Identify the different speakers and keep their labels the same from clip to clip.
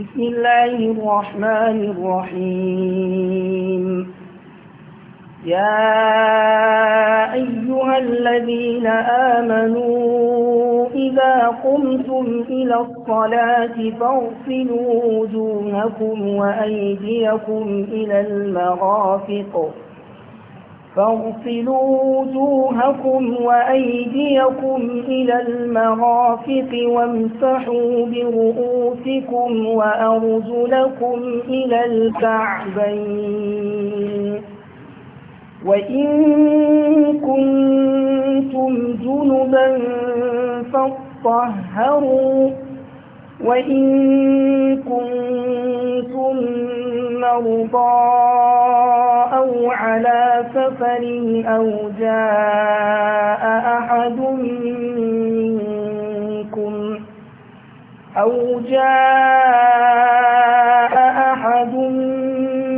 Speaker 1: بسم الله الرحمن الرحيم يا أيها الذين آمنوا إذا قمتم إلى الصلاة فاغسلوا وجوهكم وأيديكم إلى المرافق فاغسلوا وجوهكم وأيديكم إلى المرافق وامسحوا برؤوسكم وأرجلكم إلى الكعبين وإن كنتم جنبا فاطهروا وإن كنتم مرضى أو على سفر أو جاء أحد منكم أو جاء أحد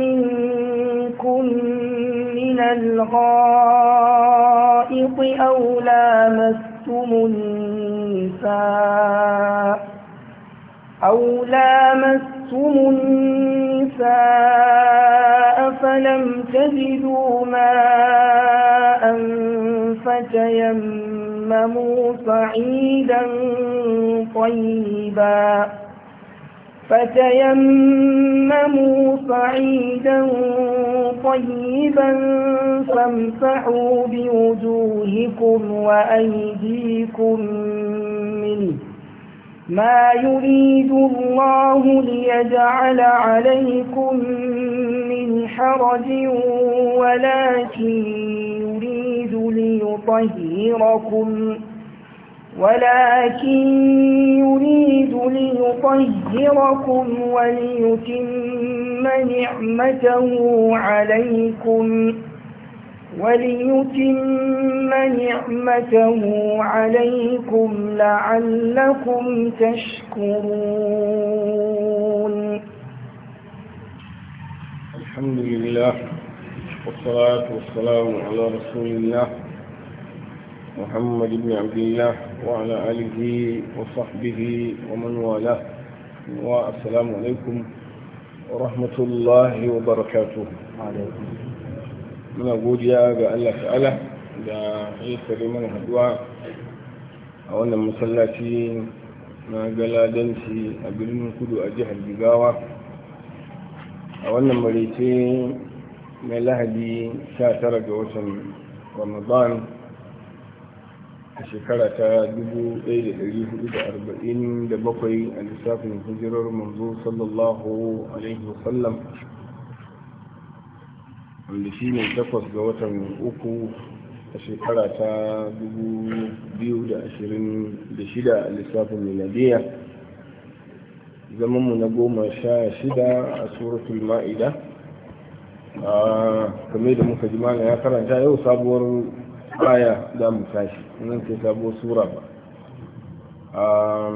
Speaker 1: منكم من الغائط أو لامستم النساء أو لامستم النساء فلم تجدوا ماء فتيمموا صعيدا طيبا فتيمموا صعيدا طيبا فامسحوا بوجوهكم وأيديكم منه ما يريد الله ليجعل عليكم من حرج ولكن يريد ليطهركم ولكن يريد ليطهركم وليتم نعمته عليكم وليتم نعمته عليكم لعلكم تشكرون
Speaker 2: الحمد لله والصلاة والسلام على رسول الله محمد بن عبد الله وعلى آله وصحبه ومن والاه والسلام عليكم ورحمة الله وبركاته عليكم muna godiya ga Allah ta'ala da ya tsare mana haduwa a wannan masallaci na galadanci a birnin kudu a jihar jigawa a wannan marece na lahadi 19 ga watan ramadan a shekara ta 1447 a lissafin hijirar manzo sallallahu alaihi wasallam wanda shi ne takwas ga watan uku a shekara ta 2026 a lissafin miladiya zamanmu na goma sha shida a suratul ma'ida kame da muka jima ya karanta yau sabuwar aya za mu tashi nan ke sabuwar sura ba a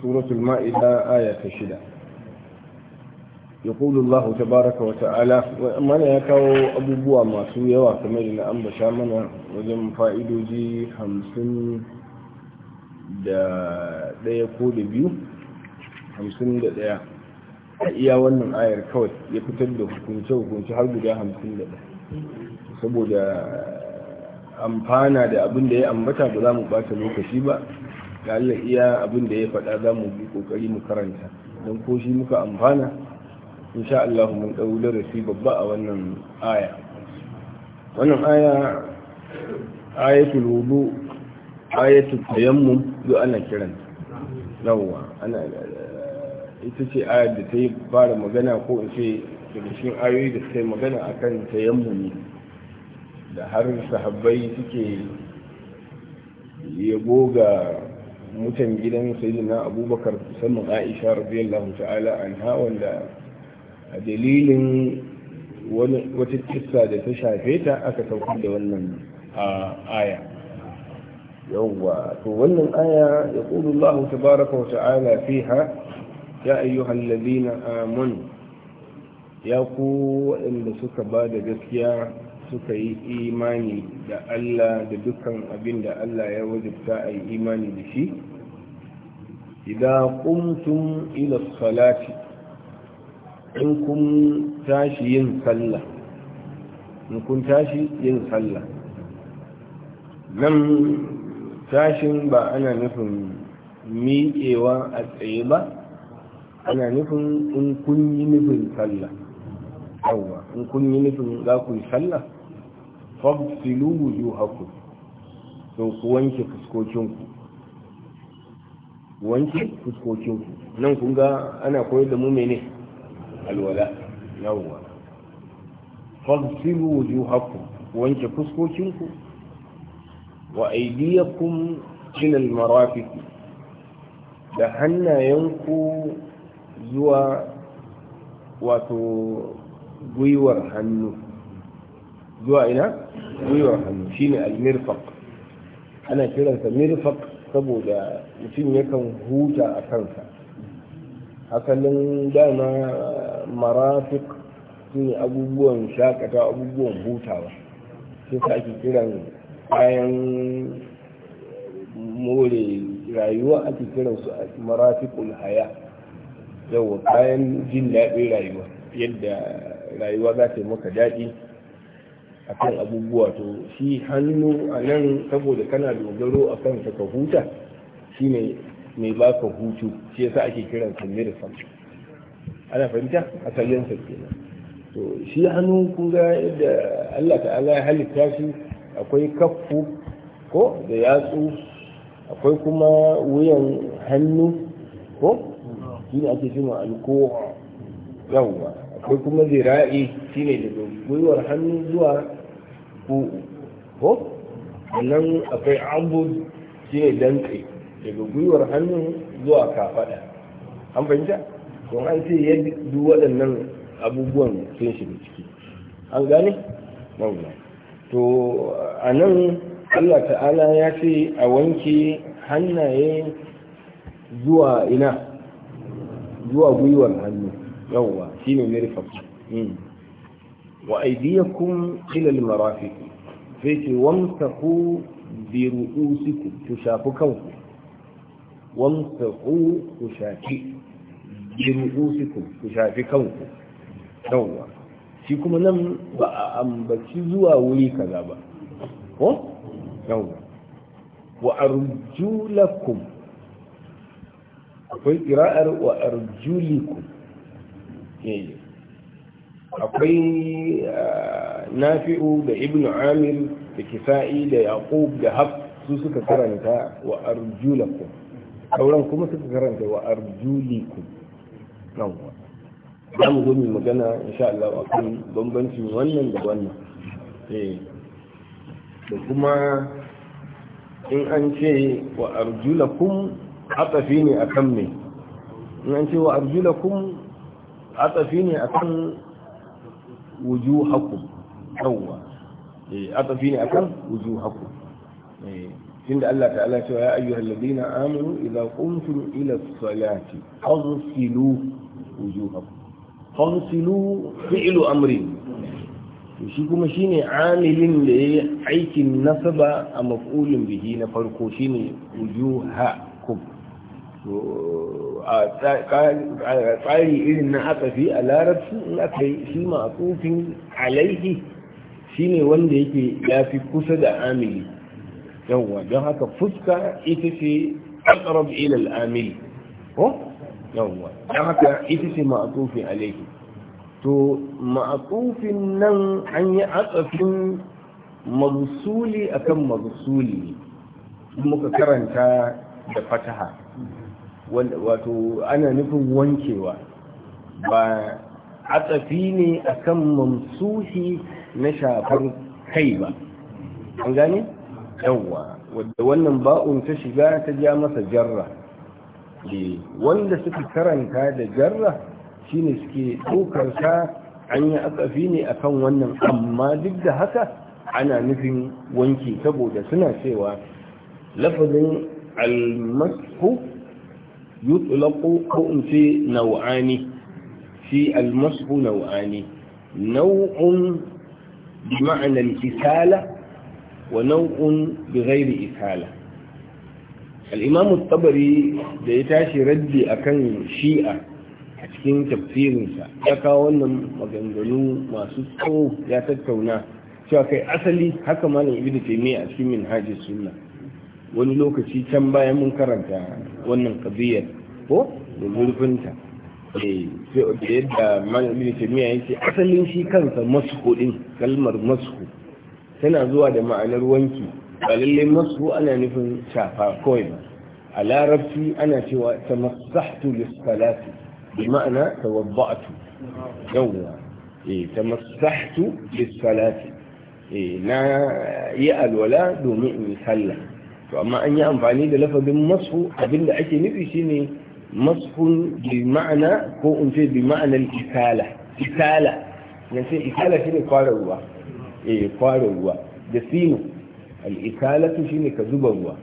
Speaker 2: suratul ma'ida aya ta shida يقول الله تبارك وتعالى من يكاو أبو بوا ما سويوا كما إلى أن بشامنا وجم فائدو جي خمسين دا دا يقول بيو خمسين دا دا iya wannan ayar kawai ya fitar da hukunce-hukunce har guda hamsin da saboda amfana da abin da ya ambata ba za mu bata lokaci ba ga iya abin da ya faɗa zamu bi ƙoƙari mu karanta don ko shi muka amfana insha Allah mun ɗau darasi babba a wannan aya wannan aya ayatul wudu ayatul tayammum duk ana kiran yawwa ana ita ce ayar da ta yi fara magana ko in ce daga cikin ayoyi da ta yi magana akan tayammum da har sahabbai suke yabo ga mutan gidan sayyidina abubakar musamman aisha radiyallahu ta'ala anha wanda a dalilin wata kissa da ta shafe ta aka saukar da wannan aya yawwa to wannan aya ya ƙudu Allah tabaraka wa ta'ala fiha ya ayyuhal ladina amanu ya ku waɗanda suka ba da gaskiya suka yi imani da Allah da dukkan abin da Allah ya wajibta a yi imani da shi idan kuntum ila salati in kun tashi yin sallah in kun tashi yin sallah nan tashin ba ana nufin miƙewa a tsaye ba ana nufin in kun yi nufin sallah yawwa in kun yi nufin za ku yi sallah fafsilu haku to ku wanke fuskokinku wanke fuskokinku nan kun ga ana koyar da mu mene alwala yawwa fagsilu wujuhakum wanke fuskokinku wa aydiyakum ila almarafiq da hannayenku zuwa wato gwiwar hannu zuwa ina gwiwar hannu shine almirfaq ana kiransa mirfak saboda mutum yakan huta a kansa asalin dama marafik su ne abubuwan shakata abubuwan hutawa sai sa ake kiran kayan more rayuwa ake kiran su marafikul haya Yau kayan jin daɗin rayuwa yadda rayuwa za ta yi maka daɗi akan abubuwa to shi hannu a nan saboda kana dogaro a kan ka huta shine mai baka hutu shi yasa ake kiran sa mirfan ana fahimta asalin sa kenan to shi hannu kun ga yadda Allah ta'ala ya halitta shi akwai kaffu ko da yatsu akwai kuma wuyan hannu ko shi ne ake cewa alkowa yawwa akwai kuma zira'i shi ne daga gwiwar hannu zuwa ko ko sannan akwai abud shi ne dantse daga gwiwar hannu zuwa kafada an fahimta don an ce yadda duk waɗannan abubuwan sun shiga ciki an gane mawuya to a nan allah ta'ala ya ce a wanke hannaye zuwa ina zuwa gwiwar hannu yawwa shi ne mirfafi hmm. wa aidiyakum ilal marafiq sai ce wamsahu bi ru'usikum ku shafi kanku wamsahu ku ku shafi kanku yawwa shi kuma nan ba a ambaci zuwa wuri kaza ba ko yawwa wa arjulakum akwai kira'ar wa arjulikum akwai nafi'u da ibnu amir da kisa'i da yaqub da hafs suka karanta wa arjulakum sauran kuma suka karanta wa arjuliku nan za mu zo mu magana insha Allah a kan bambancin wannan da wannan eh. da kuma in an ce wa arjulakum atafi ne akan me in an ce wa arjulakum atafi ne akan haku yawwa eh, atafi ne akan wuju haku eh. inda Allah ta'ala cewa ya ayyuhal ladina amanu idza qumtum ila salati faghsilu wujuhakum faghsilu fi'lu amri to shi kuma shine amilin da yayi aikin nasaba a maf'ulin bihi na farko shine wujuhakum a tsari irin na haka akafi a larabci in aka yi shi ma a tsufin alaihi shine wanda yake ya fi kusa da amili yawwa don haka fuska ita ce aqrab ilal al-amil ko yawwa don haka ita ce ma'tufi alayhi to ma'tufin nan an yi atsafin mausuli akan mausuli muka karanta da fataha wato ana nufin wankewa ba atsafi ne akan mamsuhi na shafar kai ba an gane yawwa wadda wannan ba'un ta shiga ta ja masa jarra e, wanda suka karanta da jarra shine suke ɗaukar sa an yi akafi ne akan wannan amma duk da haka ana nufin wanki saboda suna cewa lafazin almasku yutlaqu ko in ce nau'ani shi almasu nau'ani nau'un bi ma'anar isala Wa ونوع بغير إكالة الإمام الطبري ديتاشي ردي أكن شيئا cikin tafsirinsa ya kawo wannan maganganu masu tsawo ya tattauna cewa kai asali haka malam ibnu taymiya a cikin minhajis suna wani lokaci can bayan mun karanta wannan qadiyar ko da sai eh, da yadda malam ibnu taymiya yake asalin shi kansa masku din kalmar masku tana zuwa da ma'anar wanki ba lallai masu ana nufin shafa kawai ba a larabci ana cewa ta masahtu lissalati bi ma'ana ta wabba'atu yawwa eh ta masahtu lissalati eh na yi alwala domin in yi sallah to amma an yi amfani da lafazin masu abinda ake nufi shine masfun bi ma'ana ko in ce bi ma'anar isala isala yanzu isala shine kwara ruwa eh kware ruwa da sino al-ikalatu shine ka zuba ruwa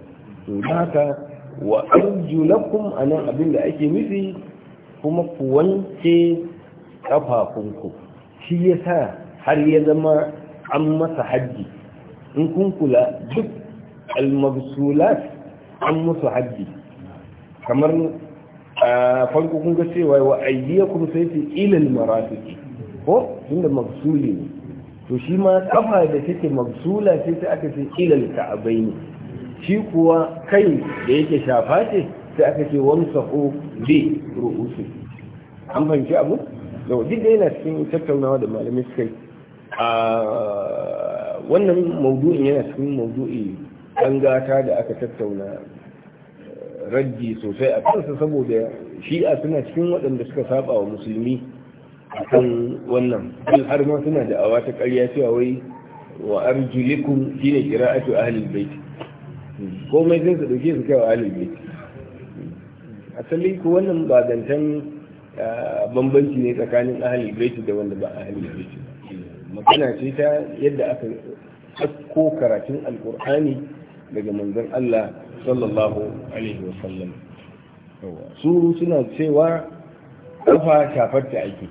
Speaker 2: to haka wa arjulakum anan abin da ake nufi kuma ku wanke kafafunku shi yasa har ya zama an masa haji in kun kula duk al-mabsulat an musu haji kamar a farko kun ga cewa wa aydiyakum sai ila al-marafiq ko inda mabsuli ne to shi ma kafa da take mabsula ce sai aka ce ilal ka'abaini shi kuwa kai da yake shafa ce sai aka ce wamsahu bi ru'usi an fahimci abu da duk da yana cikin tattaunawa da malamai suka yi wannan maudu'in yana cikin maudu'i an gata da aka tattauna eh, raddi sosai a kansa saboda shi'a suna cikin waɗanda suka saba wa musulmi akan wannan in har ma suna da awa ta ƙarya cewa wai wa arjulikum shine qira'atu ahlul bait komai zai su dauke su kai wa ahlul bait asali ko wannan ba dantan bambanci ne tsakanin ahli bait da wanda ba ahli bait magana ce ta yadda aka ɗauko karatun alkur'ani daga manzon Allah sallallahu alaihi wa sallam su suna cewa kafa shafar ta ake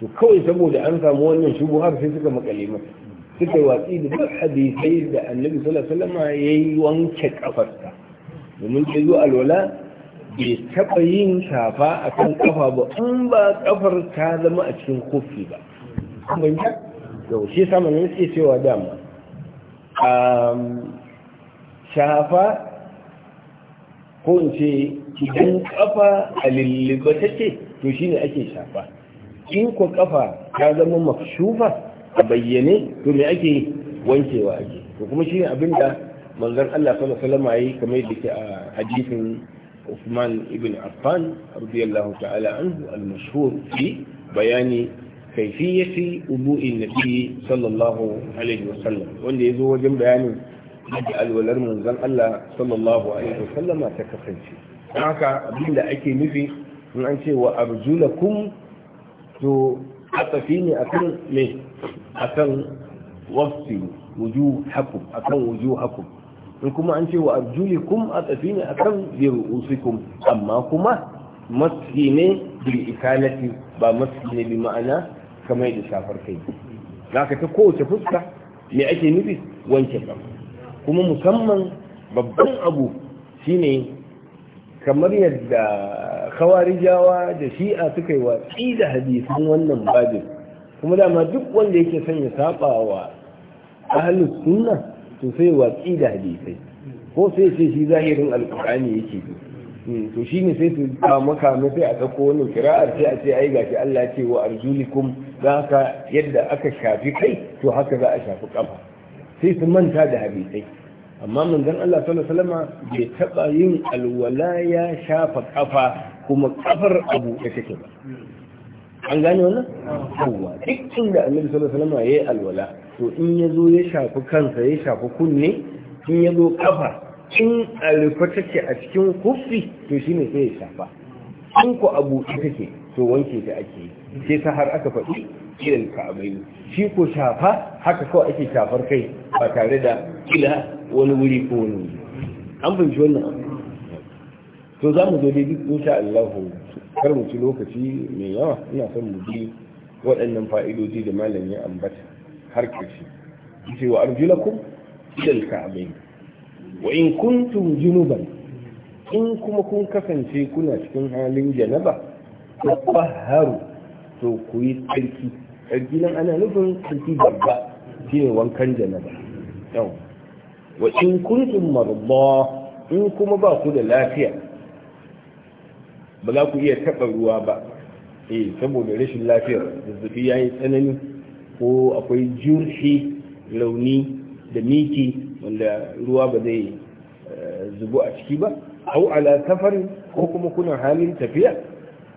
Speaker 2: to kawai saboda an samu wannan har sai suka makale masa suka watsi da duk hadisai da annabi sallallahu alaihi wasallam yi wanke kafarsa domin sai zuwa alwala bai taɓa yin shafa a kan ƙafa ba in ba ƙafar ta zama a cikin kofi ba ban ta yau shi sama na nake cewa dama um, shafa ko in ce idan ƙafa a lullube take to shine ake shafa in ko kafa ta zama makshufa a bayyane to me ake wankewa ake to kuma shine abinda da manzon Allah sallallahu alaihi wasallam yayi kamar yadda ke a hadisin Uthman ibn Affan radiyallahu ta'ala anhu al-mashhur fi bayani kaifiyati ubu'in nabi sallallahu alaihi wasallam wanda yazo wajen bayanin da alwalar manzon Allah sallallahu alaihi wasallama ta kasance haka abinda ake nufi in an ce wa arjulakum to atafi ne akan me akan wafsi wujuhakum akan wujuhakum in kuma an ce wa arjulikum atafi ne akan bi ru'usikum amma kuma maski ne bil ikalati ba maski ne bi ma'ana kamar da shafar kai zaka ta kowace fuska me ake nufi wanke ba kuma musamman babban abu shine kamar yadda Kawarijawa da shi'a suka yi watsi da hadisan wannan babin kuma dama duk wanda yake son ya saba wa ahlus sunna to sai watsi da hadisai ko sai ce shi zahirin alkur'ani yake bi hmm, to shine sai su kama kama sai a dauko wani kira'ar sai a ce ai gashi Allah ce wa arjulikum za ka yadda aka shafi kai to haka za a shafi kafa sai su manta da hadisai amma manzon Allah sallallahu alaihi wasallam bai taba yin alwala ya shafa kafa kuma kafar abu da take ba an gane wannan yawa duk inda annabi sallallahu alaihi wasallam yayi alwala to in yazo ya shafi kansa ya shafi kunne in yazo kafa in alfa take a cikin kufi to shine sai ya shafa in ko abu take to wanke ta ake yi sai ta har aka faɗi irin ka'abai shi ko shafa haka kawai ake shafar kai ba tare da ila wani wuri ko wani wuri an fahimci wannan to za mu zo dai duk insha Allah kar mu ci lokaci mai yawa ina son mu bi waɗannan fa'idoji da malamin ya ambata har kace ce wa arjulakum ilal ka'bayn wa in kuntum junuban in kuma kun kasance kuna cikin halin janaba tafaharu to ku yi tsarki tsarki nan ana nufin tsarki babba shine wankan janaba yau wa in kuntum marda in kuma ba ku da lafiya ba za ku iya taɓa ruwa ba eh saboda rashin lafiyar zazzabi ya yi tsanani ko akwai jurhi launi da miki wanda ruwa ba zai eh, zubo a ciki ba au ala safarin ko kuma kuna halin tafiya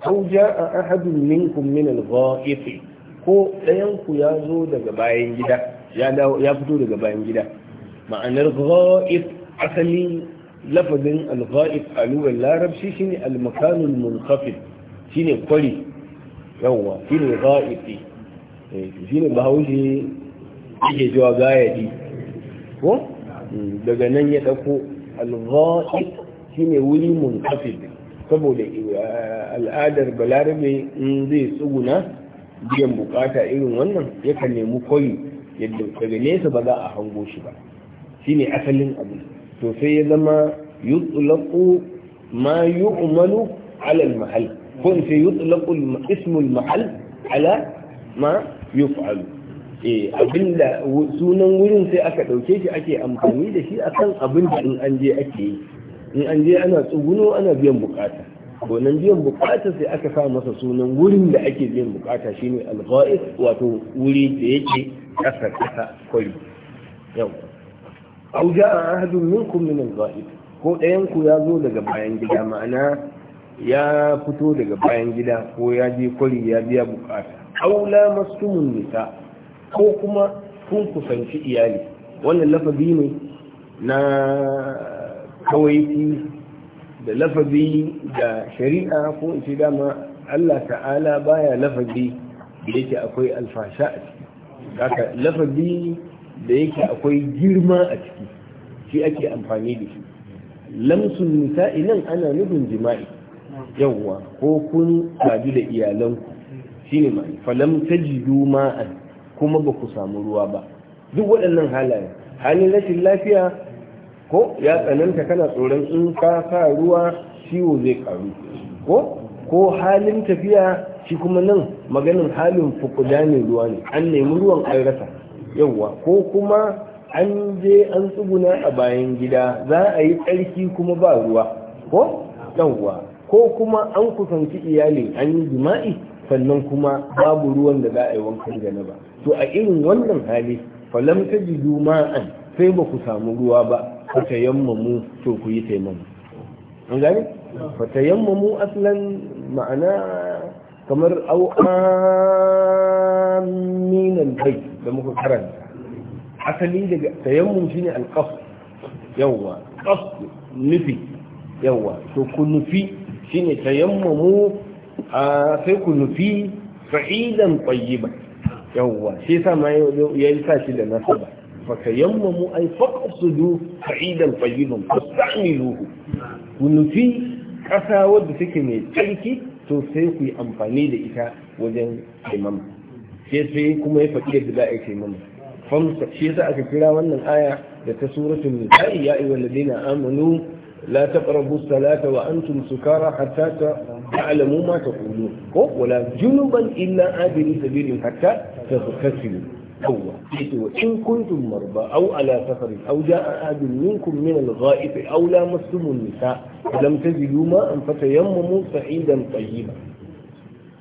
Speaker 2: au a ahadun minkum min al-ghaifi ko ɗayan ku ya zo daga bayan gida ya fito daga bayan gida ma'anar ghaif asali lafazin al-ghaib a lugar larabci shine al-makanul munkhafid shine kwari yawwa shine ghaibi eh, shine bahaushe ake jawa gayadi ko hmm, daga nan ya dauko al-ghaib shine wuri munkhafid saboda eh, al'adar balarabe in zai tsuguna biyan bukata irin wannan yakan nemi koyi yadda daga nesa ba za a hango shi ba Shi ne asalin abu to sai ya zama yutlaqu ma yu'malu ala al-mahall ko in sai yutlaqu ismu al ala ma yuf'alu eh abinda sunan wurin sai aka ɗauke shi ake amfani da shi akan abin da in an je ake yi in an je ana tsuguno ana biyan bukata Gonan biyan bukata sai aka sa masa sunan wurin da ake biyan bukata shine al wato wuri da yake kasa kasa kwari yau au ja'a ahadun minkum min al ko ɗayan ku ya zo daga bayan gida ma'ana ya fito daga bayan gida ko ya je kwari ya biya bukata aula masu nisa ko kuma kun kusanci iyali wannan lafazi ne na kawaiti da lafazi da shari'a ko in ce dama Allah ta'ala baya lafazi da yake akwai alfasha a ciki lafazi da yake akwai girma a ciki shi ake amfani da shi lamsun nisa'i nan ana nufin jima'i yawwa ko kun sadu da iyalanku shine mai falam tajidu ma'an kuma ba ku samu ruwa ba duk waɗannan halaye halin rashin lafiya ko ya tsananta kana tsoron in ka sa ruwa ciwo zai karu ko ko halin tafiya shi kuma nan maganin halin fukuda ruwa ne an nemi ruwan an rasa yauwa ko kuma an je an tsuguna a bayan gida za a yi tsarki kuma ba ruwa ko yauwa ko kuma an kusanci iyali an yi jima'i sannan kuma babu ruwan da za a yi wankan ba? to a irin wannan hali falam ji juma'an sai ba ku samu ruwa ba ku tayammamu to ku yi taimamu an gane tayammamu aslan ma'ana kamar au aminan bai da muka karanta asali daga tayammum shine alqaf yawa qaf nufi yawa to ku nufi shine tayammumu sai ku nufi fa'idan tayyiba yawa shi yasa ma yayi sa shi da nasaba fa tayammumu ay faqsudu fa'idan tayyiban fastamiluhu ku nufi kasa wadda take mai tsarki to sai ku yi amfani da ita wajen taimama sai sai kuma ya faɗi yadda za a yi taimama famsa shi yasa aka kira wannan aya da ta suratul sa'i ya ayyuhal ladina amanu la taqrabu salata wa antum sukara hatta ta'lamu ma taqulun ko wala junuban illa abiri sabilin hatta tazakkaru yawwa yake wa in kuntum marba aw ala safari aw jaa ahadun minkum min al-gha'ib aw lamastum an-nisa lam tajidu ma'an fatayammamu sa'idan tayyiba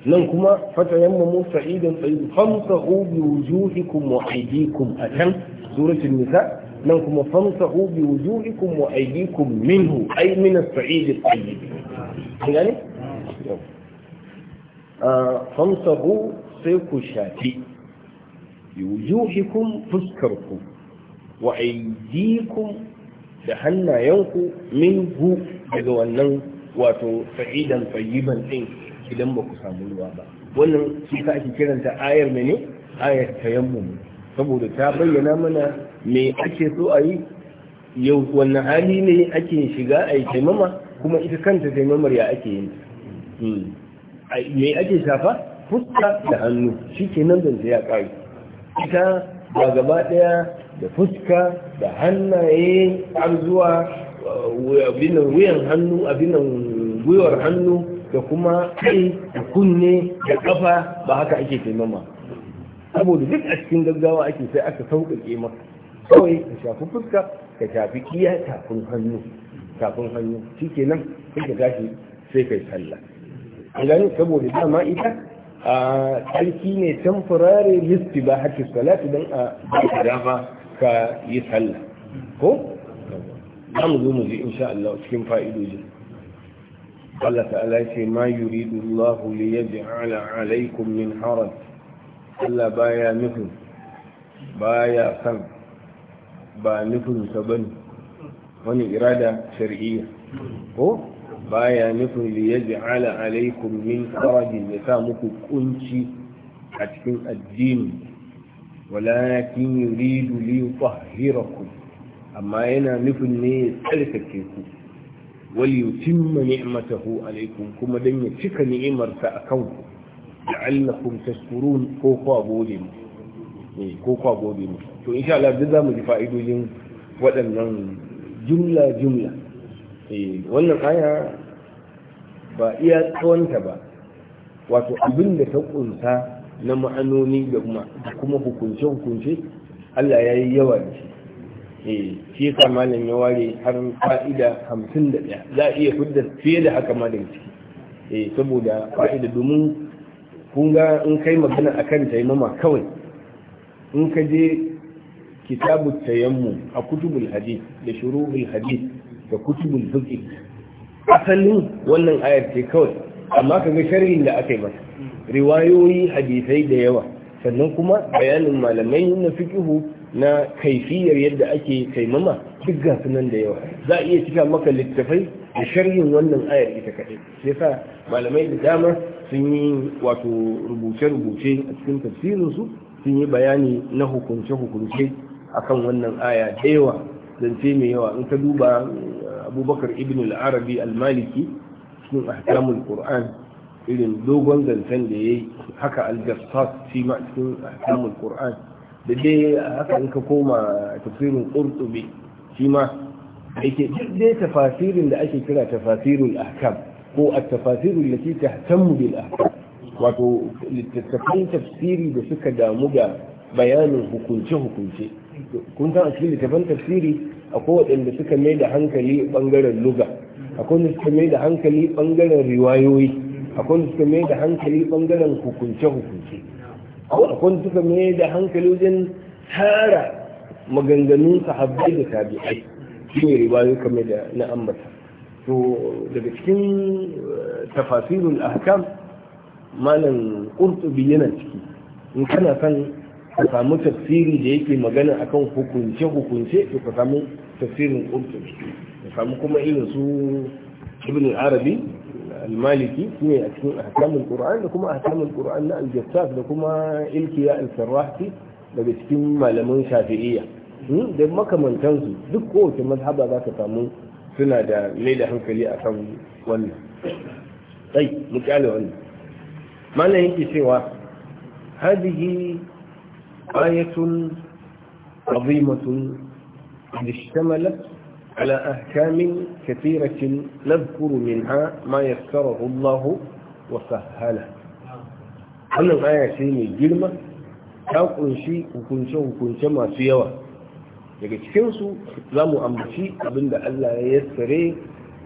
Speaker 2: nan kuma fatayammamu sa'idan tayyiba famsahu bi wujuhikum wa aydikum atan suratul nisa nan kuma famsahu bi wujuhikum wa minhu min ah, sai ku shafi biwujuhikum fuskarku wa aydikum da hannayenku minhu daga wannan wato fa'idan fayyiban ɗin idan ba ku samu ruwa ba wannan shi ake kiranta ayar ne, ayar tayammum saboda ta bayyana mana me ake so a yi yau wannan hali ne ake shiga a yi taimama kuma ita kanta taimamar ya ake yin hmm. me ake shafa fuska da hannu shi ke nan ya ƙari ita ba gaba ɗaya da fuska da hannaye har zuwa eh, abinan wuyan hannu abinan gwiwar hannu da kuma kai da kunne da kafa ba haka ake taimama saboda duk a cikin gaggawa ake sai aka sauƙaƙe maka kawai ka shafi fuska ka shafi iya tafin hannu tafin hannu shikenan sai ka gashi, sai kai sallah an gani saboda dama ita a tsarki ne temporary list ba haƙƙi salatu don a ba dama ka yi sallah ko za mu zo mu ji insha Allah cikin fa'idoji Allah ta'ala ce ma yuridu Allah li yaj'ala alaykum min haraj Allah baya nufin ya san ba nufin sa bane wani irada shar'iyya ko baya nufin liyaj'ala alaikum min harajin ya sa muku kunci a cikin addini walakin yuridu li yutahhirakum amma yana nufin ne ya tsarkake ku wal yutimma ni'matahu alaikum kuma dan ya cika ni'imarsa akan ku la'allakum tashkurun ko kwa gode mu eh, ko kwa gode mu to insha Allah duk zamu ji fa'idojin waɗannan jumla jumla Eh, wannan aya ba iya tsawonta ba wato abin da ta kunsa na ma'anoni da kuma hukunce-hukunce Allah ya yi yawa da shi eh, shi yasa malam ya ware har fa'ida hamsin da ɗaya za a iya fidda fiye da haka ma daga ciki eh, saboda fa'ida domin kun ga in kai magana a kan taimama kawai in ka je kitabu tayammu a kutubul hadith da shuruhul hadith da kutubul fiqh asalin wannan ayar ce kawai amma ka ga sharhin da aka yi masa riwayoyi hadisai da yawa sannan kuma bayanin malamai na fiqhu na kaifiyar yadda ake taimama duk ga sunan da yawa za a iya cika maka littafai da sharhin wannan ayar ita kaɗai sai sa malamai da dama sun yi wato rubuce-rubuce a cikin tafsirinsu sun yi bayani na hukunce-hukunce akan wannan aya da yawa zance mai yawa in ka duba eh, abubakar ibn al-arabi al-maliki cikin ahkamul qur'an irin dogon zancen da ya yi haka al-jassas shi ma cikin ahkamul qur'an da dai haka in ka koma tafsirin qurtubi shi ma yake duk dai tafasirin da ake kira tafasirul ahkam ko at-tafasirul lati tahtamu bil ahkam wato littattafan tafsiri da suka damu da bayanin hukunce-hukunce kun san a cikin littattafan tafsiri akwai waɗanda suka mai da hankali ɓangaren luga akwai wanda suka mai da hankali ɓangaren riwayoyi akwai wanda suka mai da hankali ɓangaren hukunce-hukunce akwai wanda suka mai da hankali wajen tara maganganun sahabbai da tabi'ai shi ne riwayoyi kamar da na ambata to daga cikin eh, tafasirul ahkam malam qurtubi yana ciki in kana son ka samu tafsiri da yake magana akan hukunce hukunce to ka samu tafsirin qurtubi ka samu kuma irin su ibn arabi al-maliki ne a cikin ahkamul qur'an da kuma ahkamul qur'an na al-jassas da kuma ilkiya al-sarrahti daga cikin malaman shafi'iyya hmm? da makamantansu duk kowace mazhaba za ka samu suna da mai da hankali a kan wannan sai mu kyale wannan yake cewa hadihi آية عظيمة قد اشتملت على أحكام كثيرة نذكر منها ما يسره الله وسهله wannan aya ce mai girma ta kunshi hukunce-hukunce masu yawa daga cikinsu za mu ambaci abinda Allah ya yassare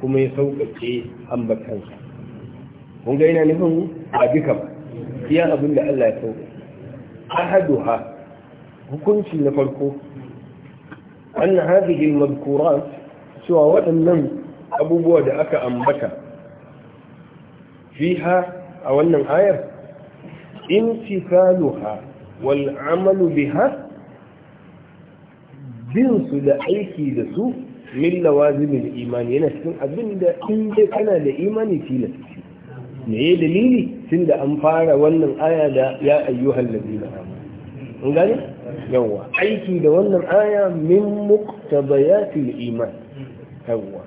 Speaker 2: kuma ya sauƙaƙe ambatansa kun ga nufin a duka ba iya abinda Allah ya sauƙaƙe hukunci na farko an hadhihi al cewa waɗannan abubuwa da aka ambata fiha a wannan ayar intifaluha wal amalu biha bin su da aiki da su min lawazimin imani yana cikin abin da in kana da imani tilasti me dalili tunda an fara wannan aya da ya ayyuhan lalina amma an yawa aiki da wannan aya min muqtabayatil iman yawa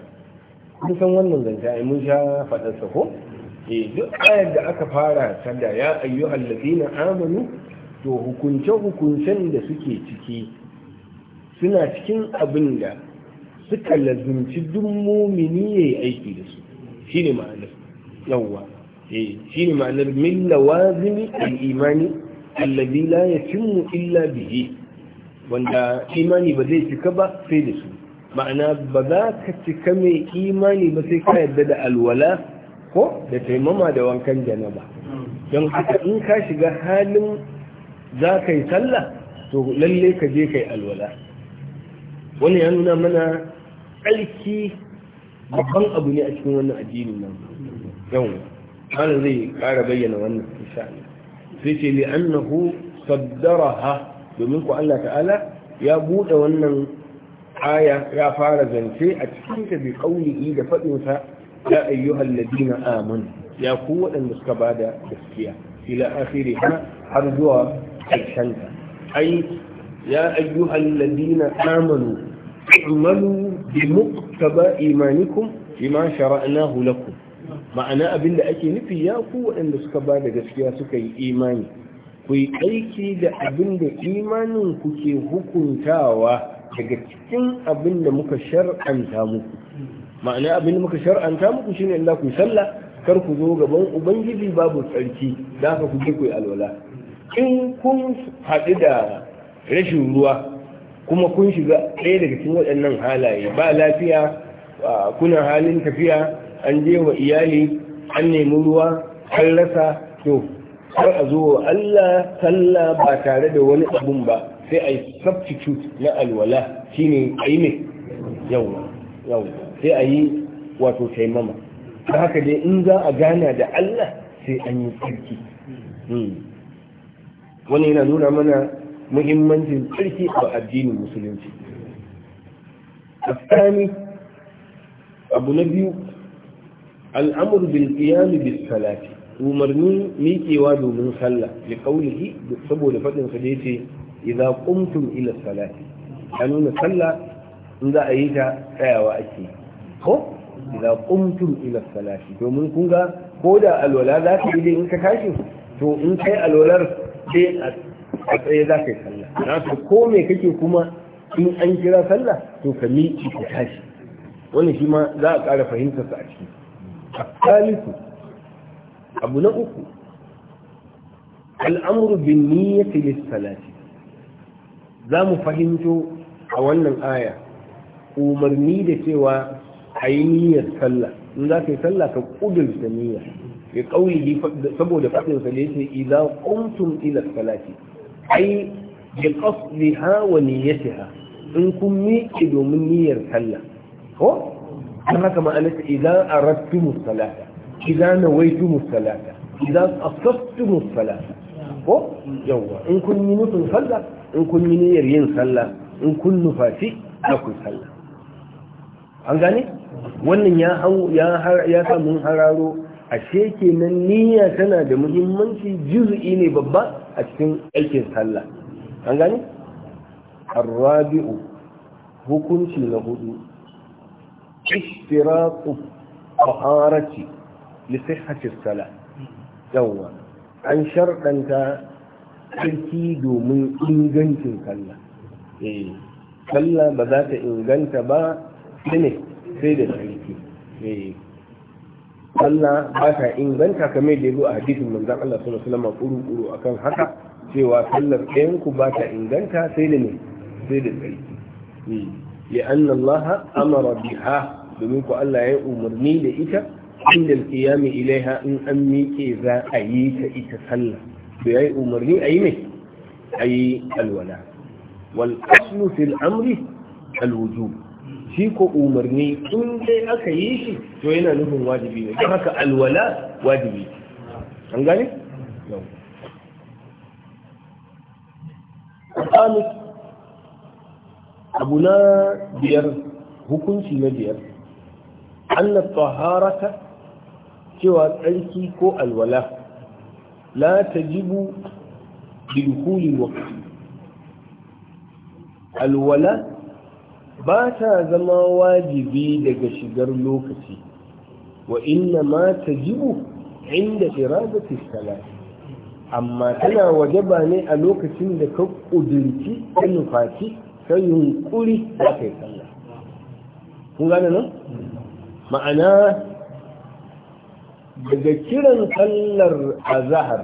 Speaker 2: kun san wannan zance ai mun sha fadar sa ko eh duk ayar da aka fara ta ya ayyuhal ladina amanu to hukunce hukuncen da suke ciki suna cikin abinda da suka lazumci duk mumini yayi aiki da su shine ma'anar yawa eh shine ma'anar min lawazimi al-imani allabi la yatimmu illa bihi wanda imani ba zai cika ba sai da su ma'ana ba za ka cika mai imani ba sai ka yarda da alwala ko da taimama da wankan janaba don haka in ka shiga halin za ka yi sallah to lalle ka je ka yi alwala wani ya nuna mana tsarki babban abu ne a cikin wannan addini nan yau malam zai kara bayyana wannan insha Allah sai ce annahu saddaraha domin ku Allah ta'ala ya buɗe wannan aya ya fara zance a cikin ta bi qaulihi da fadin sa ya ayyuhal ladina amanu ya ku waɗanda suka bada gaskiya ila akhiriha har zuwa ƙarshen ta ai ya ayyuhal ladina amanu i'malu bi muqtaba imanikum bima shara'nahu lakum ma'ana abin da ake nufi ya ku waɗanda suka ba da gaskiya suka yi imani ku yi aiki da abin da imanin ku ke hukuntawa daga cikin abin da muka shar'anta muku ma'ana abin da muka shar'anta muku shine Allah ku sallah kar ku zo gaban ubangiji babu tsarki da haka ku je ku yi alwala
Speaker 1: in kun
Speaker 2: haɗu da rashin ruwa kuma kun shiga ɗaya daga cikin waɗannan halaye ba lafiya kuna halin tafiya an je wa iyali an nemi ruwa an rasa to har a zo Allah sallah ba tare da wani abun ba sai a yi substitute na alwala shine a yi ne yawa sai a yi wato taimama ta haka dai in za a gana da Allah sai an yi tsarki hmm. wani yana nuna mana muhimmancin tsarki a addinin musulunci a abu na biyu al'amur bil qiyam bis umarnin miƙewa domin sallah li qawlihi saboda faɗin sa da yace idza qumtum ila salati ya nuna sallah in za a yi ta tsayawa ake ko idza qumtum ila salati domin kun ga ko da alwala za ka yi in ka tashi to in kai alwalar sai a tsaye za ka yi sallah na ko me kake kuma in an kira sallah to ka miƙi ka tashi wannan shi ma za a ƙara fahimtarsa a ciki asalisu abu na uku al'amuru bin niyyati lissalati za mu fahimto a wannan aya umarni da cewa a yi niyyar sallah in za ka yi sallah ka kudurta niyya ya kauli saboda faɗin sa yace idza qumtum ila salati ai bi qasdiha wa ha, in kun miƙe domin niyyar sallah ko don haka ma'anarsa idan arattu musalata idan nawaitu musalata idan asaftu musalata ko yawwa in kun yi nufin sallah in kun yi niyyar yin sallah in kun nufafi na kun sallah an gane wannan ya ya sa mun hararo ashe kenan niyya tana da muhimmanci juz'i ne babba a cikin aikin sallah an gane الرابع hukunci na hudu اشتراط طهارة لصحة الصلاة يوم عن شرط أنت تركيد من إنجنت كلا إيه كلا بذات إنجنت با سنه سيد الحديث إيه كلا بات إنجنت كما يجب أحديث من ذلك الله صلى الله عليه وسلم قلوا قلوا أكان حقا cewa sallar ɗayanku بات ta سيد الحديث da لأن الله أمر بها بمنك ألا يأمرني لإيك عند القيام إليها إن أميك إذا أييت إتسلى بأي أمرني أي مه أي الولاء والأصل في الأمر الوجوب شيكو أمرني إن دي أكيشي توينا نهم واجبين كمك الولاء واجبين أنقاني؟ نعم الخامس abu na biyar hukunci na biyar an anna tsaharata cewa tsarki ko alwala la jibu bilhulin waqti alwala ba ta zama wajibi daga shigar lokaci wa inna ma jibu inda iradati salati amma tana wajaba ne a lokacin da ka ƙudurci ka nufaci ta yunkuri za ka yi sallah kun gane nan ma'ana daga kiran sallar azahar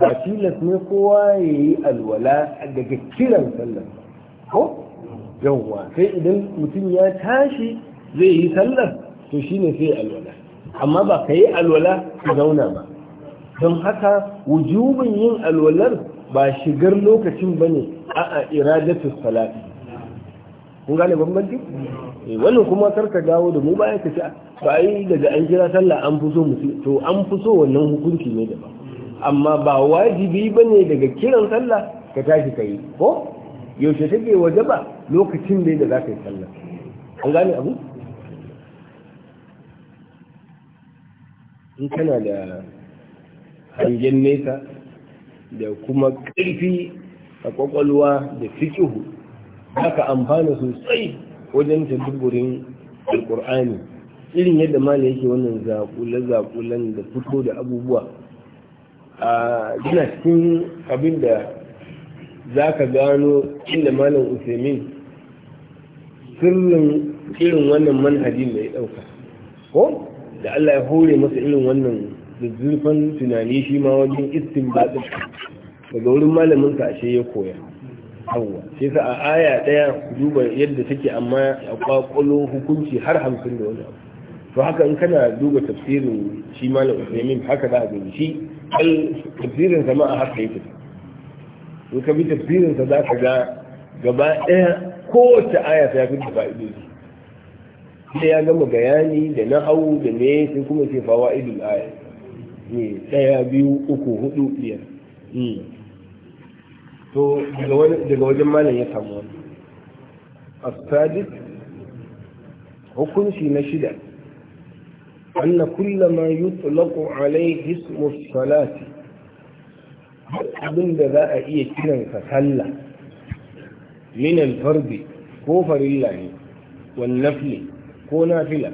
Speaker 2: ba tilas ne kowa ya yi alwala daga kiran sallar ko yawwa sai idan mutum ya tashi zai yi sallar to ne sai alwala amma ba ka yi alwala ka zauna ba don haka wujubin yin alwalar ba shigar lokacin ba ne a iradatus salati kun gane bambanci eh, wannan kuma karka dawo da mu baya ka ci ba yi daga an kira sallah an fi so musu to an fi so wannan hukunci ne da ba. amma ba wajibi ba ne daga kiran sallah ka tashi ka yi ko yaushe take waje ba lokacin da za ka yi sallah an gane abu in kana da hangen nesa da kuma ƙarfi a ƙwaƙwalwa da fikihu haka amfana sosai wajen tadabburin alƙur'ani irin yadda ma yake wannan zaƙulen-zaƙulen da fito da abubuwa a gina cikin abin da za ka gano inda malam usaimin sirrin irin wannan manhajin da ya ɗauka ko da Allah ya hore masa irin wannan da zurfin tunani shi ma wajen istinbadin daga wurin malamin sa ashe ya koya hawa shi sa a aya daya duba yadda take amma a kwakwalo hukunci har hamsin da wani abu to haka in kana duba tafsirin shi malamin Usaimin haka za a gani shi tafsirin sa ma a haka yake in ka bi tafsirin sa za ka ga gaba daya kowace aya ta fi da fa'idoji sai ya gama bayani da na hau da me sai kuma ce idul aya ɗaya biyu uku hudu biyar hmm. to daga wajen malam ya samu wani asadis hukunci na shida أن كل ما يطلق عليه اسم الصلاة abin da za a iya kiransa sallah min fardi ko farilla ne wal nafli ko nafila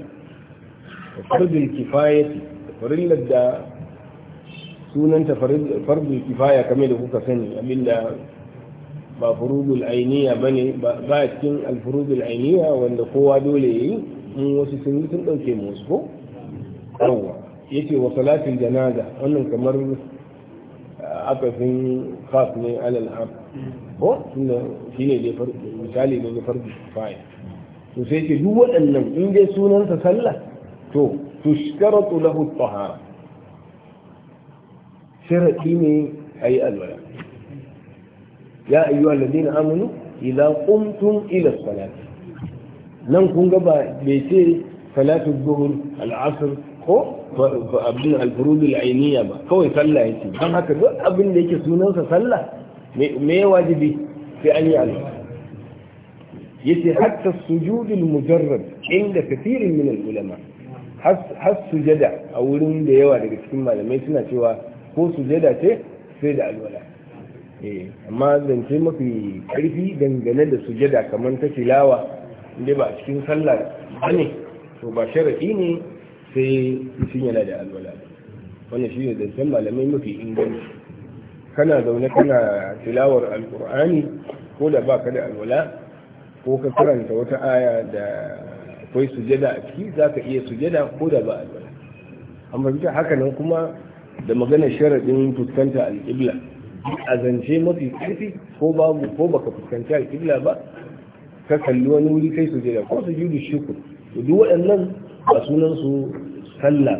Speaker 2: wa kifayati farillar da sunanta fardul kifaya kamar da kuka sani abinda ba furudul ainiya bane ba cikin alfurudul ainiya wanda kowa dole yi mun wasu sun yi sun dauke mu wasu ko yawa yace wa salatul janaza wannan kamar ah, akasin khas ne alal am ko tunda shine dai misali ne na farko kifaya to sai ce duk waɗannan in dai sunansa sallah to tushkaratu lahu tahara sharaɗi ne a yi alwala ya ayyu alladina amanu ila qumtum ila salati nan kun ga ba bai ce salatu zuhur al'asr ko abin al-furud ba kawai sallah ce. dan haka duk abin da yake sunansa sallah me wajibi sai an yi alwala yace hatta sujud mujarrad inda kafirin min al-ulama sujada a wurin da yawa daga cikin malamai suna cewa ko sujada ce sai da alwala eh, amma zance mafi karfi dangane da sujada kamar ta tilawa inda ba cikin sallah bane to ba sharaɗi ne sai mutum yana da alwala wannan shi ne zancen malamai mafi inganci kana zaune kana tilawar alƙur'ani ko da ba ka da alwala ko ka karanta wata aya da akwai sujada a ciki za ka iya sujada ko da ba alwala amma bisa haka nan kuma da magana sharaɗin fuskanta alƙibla a zance mafi ƙarfi ko babu ko baka fuskanci alƙibla ba ka kalli wani wuri kai su jira ko su judu shukur to duk waɗannan a sunan su sallah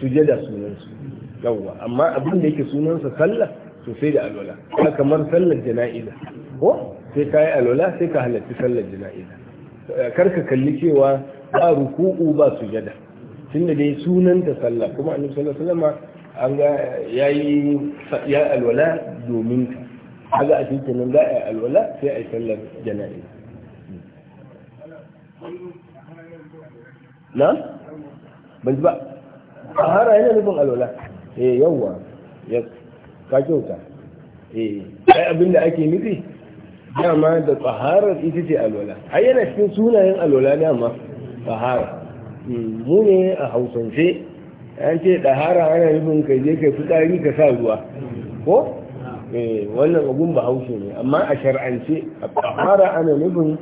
Speaker 2: su jada sunan su yawwa amma abin da yake sunansa sa sallah to sai da alwala ka kamar sallar jana'iza ko sai ka yi alwala sai ka halarci sallar jana'iza kar ka kalli cewa ba ruku'u ba sujada tunda dai sunanta sallah kuma annabi sallallahu alaihi wasallam an ga ya yi ya alwala domin ka haga a cikin nan za a alwala sai a yi sallar jana'i na? ban ba a hara yana nufin alwala eh yawwa ya ka kyauta eh ai abinda ake nufi dama da tsaharar ita ce alwala ai yana cikin sunayen alwala dama tsahara hmm, mu ne a hausance an ce ɗahara ana nufin ka je kai fitsari ka sa ruwa ko eh wannan abun ba haushe ne amma a shar'ance a ɗahara ana nufin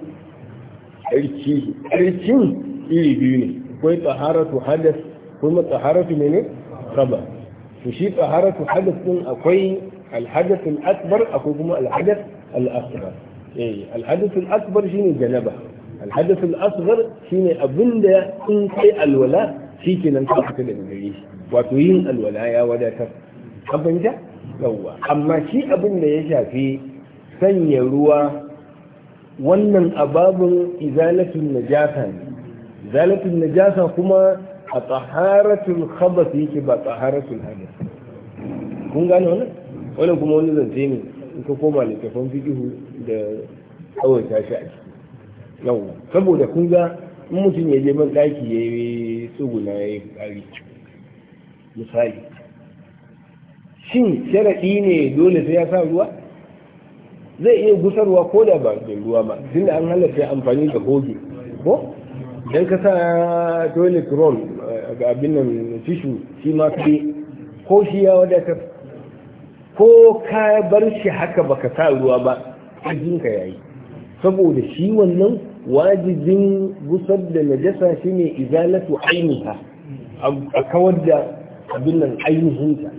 Speaker 2: tsarki tsarkin iri biyu ne akwai tsaharatu hadas kuma tsaharatu mene kaba to shi tsaharatu hadas din akwai alhadath al-akbar akwai kuma alhadath al-asghar eh alhadath al-akbar shine janaba alhadath al-asghar shine abinda in kai alwala shi kenan ka fita da gare wato yin alwala ya wadatar abin da yawwa amma shi abin da ya shafi sanya ruwa wannan ababin izalatun najasa ne izalatun najasa kuma a taharatul khabas yake ba tsaharatun hadas kun gane wani? Wani kuma wani zance ne in ka koma littafin fiqhu da tsawon tashi a ciki yawwa saboda kun ga mutum ya je ban ɗaki ya yi tsuguna ya yi fitsari misali shin sharaɗi ne dole sai ya sa ruwa zai iya gusarwa ko da ba da ruwa ba tun an halatta amfani da hoge ko don ka sa toilet roll ga eh, abin nan tishu shi ma kai ko shi ya wadatar ko ka bar shi haka baka sa ruwa ba ajinka yi. saboda shi wannan wajibin gusar da najasa ne izalatu ainiha a kawar da abin nan ainihinta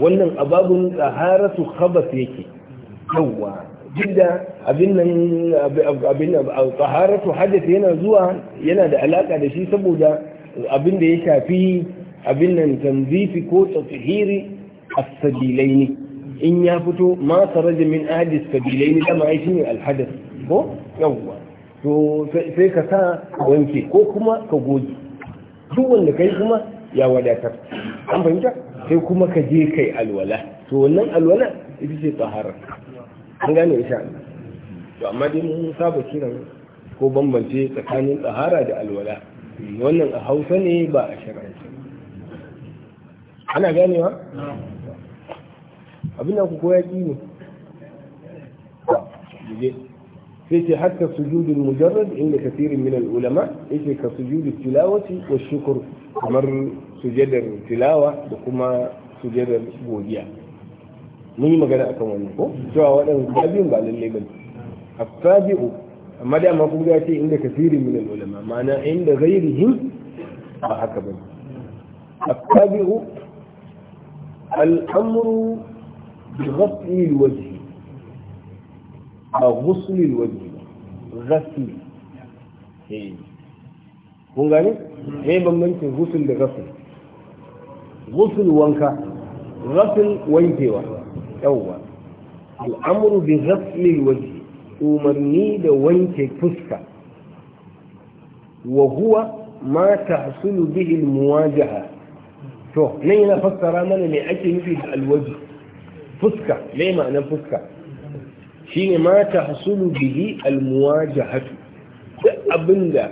Speaker 2: wannan ababun tsaharatu khabas yake Yauwa duk da abin nan abin tsaharatu yana zuwa yana da alaka da shi saboda abin da ya shafi abin nan tanzifi ko tafhiri as-sabilaini in ya fito ma kharaja min ahli as dama shine al ko Yauwa. to sai ka sa wanke ko kuma ka goge duk wanda kai kuma ya wadatar an fahimta sai kuma ka je kai alwala to wannan alwala ita ce tsahara an gane insha Allah to amma dai mun saba kiran ko bambance tsakanin tsahara da alwala wannan a Hausa ne ba a shar'ance ana ganewa abin da ku koya ne sai ce hatta sujudul mujarrad inda kasirin min ulama yake ka sujudul tilawati wa shukr kamar sujadar tilawa da kuma sujadar godiya mun yi magana akan wannan ko cewa waɗannan babin ba lalle bane asabi'u amma da amma kun ga inda kasirin min ulama ma'ana inda ghairihim ba haka A gusulil waje ghasli eh kun gane me bambancin gusul da ghasl gusul wanka ghasl wankewa yawwa al'amru bi ghaslil waje umarni da wanke fuska wa huwa ma tahsulu bihi al-muwajaha to nan yana fassara mana me ake nufi da alwaji fuska me ma'anar fuska Shi ne ma tahsulu bihi hatu duk abinda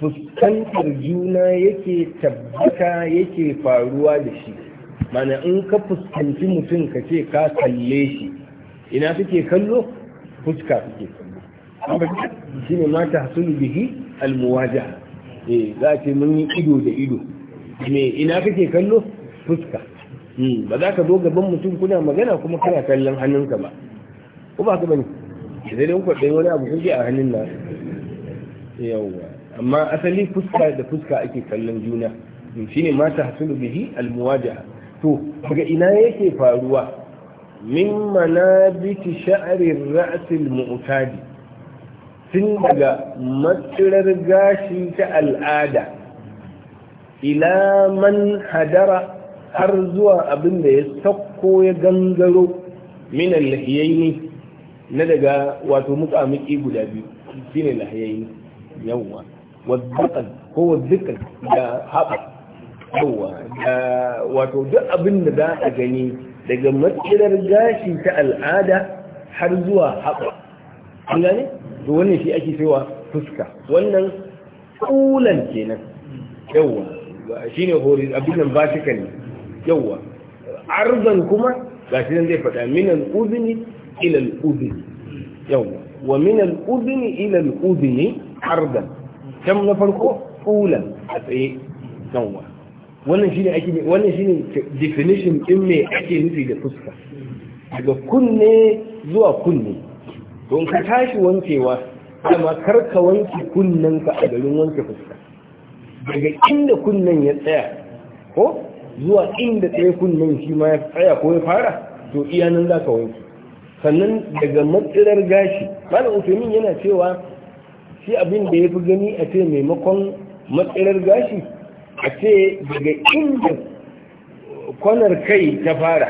Speaker 2: fuskantar juna yake tabbata yake faruwa da shi mana in ka fuskanci mutum ka ce ka kalle shi ina kake kallo fuska suke kallo shi ne mata hasulu bihi almuwaja E, eh, za a ce mun yi ido da ido me ina kake kallo fuska hmm, ba za ka zo gaban mutum kuna magana kuma kana kallon hannunka ba ko ba ka bane sai dai kwaɗe wani abu kuke a hannun nan. yawwa amma asali fuska da fuska ake kallon juna ne ma ta hasulu bihi almuwajaha to daga ina yake faruwa min manabiti sha'arin ra'asil mu'tadi tun daga matsirar gashi ta al'ada ila man hadara har zuwa abin da ya sakko ya gangaro min alhiyaini na daga wato muƙamuƙi guda biyu shine lahayayi yawwa wadzakal ko wadzakal da haɓa yawwa da wato duk abin da za a gani daga matsirar gashi ta al'ada har zuwa haɓa an gane to wannan shi ake cewa fuska wannan kulan kenan yawwa ne hori abin nan ba shi ne yawwa arzan kuma gashi nan zai faɗa minan uzini ilal uzini yau wa min al-udni ila al-udni ardan kam na farko tulan a tsaye yawa wannan shine ake wannan shine definition din me ake nufi da fuska daga kunne zuwa kunne don ka tashi wankewa kuma karka wanke kunnenka a garin wanke fuska daga inda kunnen ya tsaya ko zuwa inda tsaye kunnen shi ma ya tsaya ko ya fara to iya nan za ka wanke sannan daga matsirar gashi malam usaimin yana cewa shi abin da ya fi gani a ce maimakon matsirar gashi a ce daga inda kwanar kai ta fara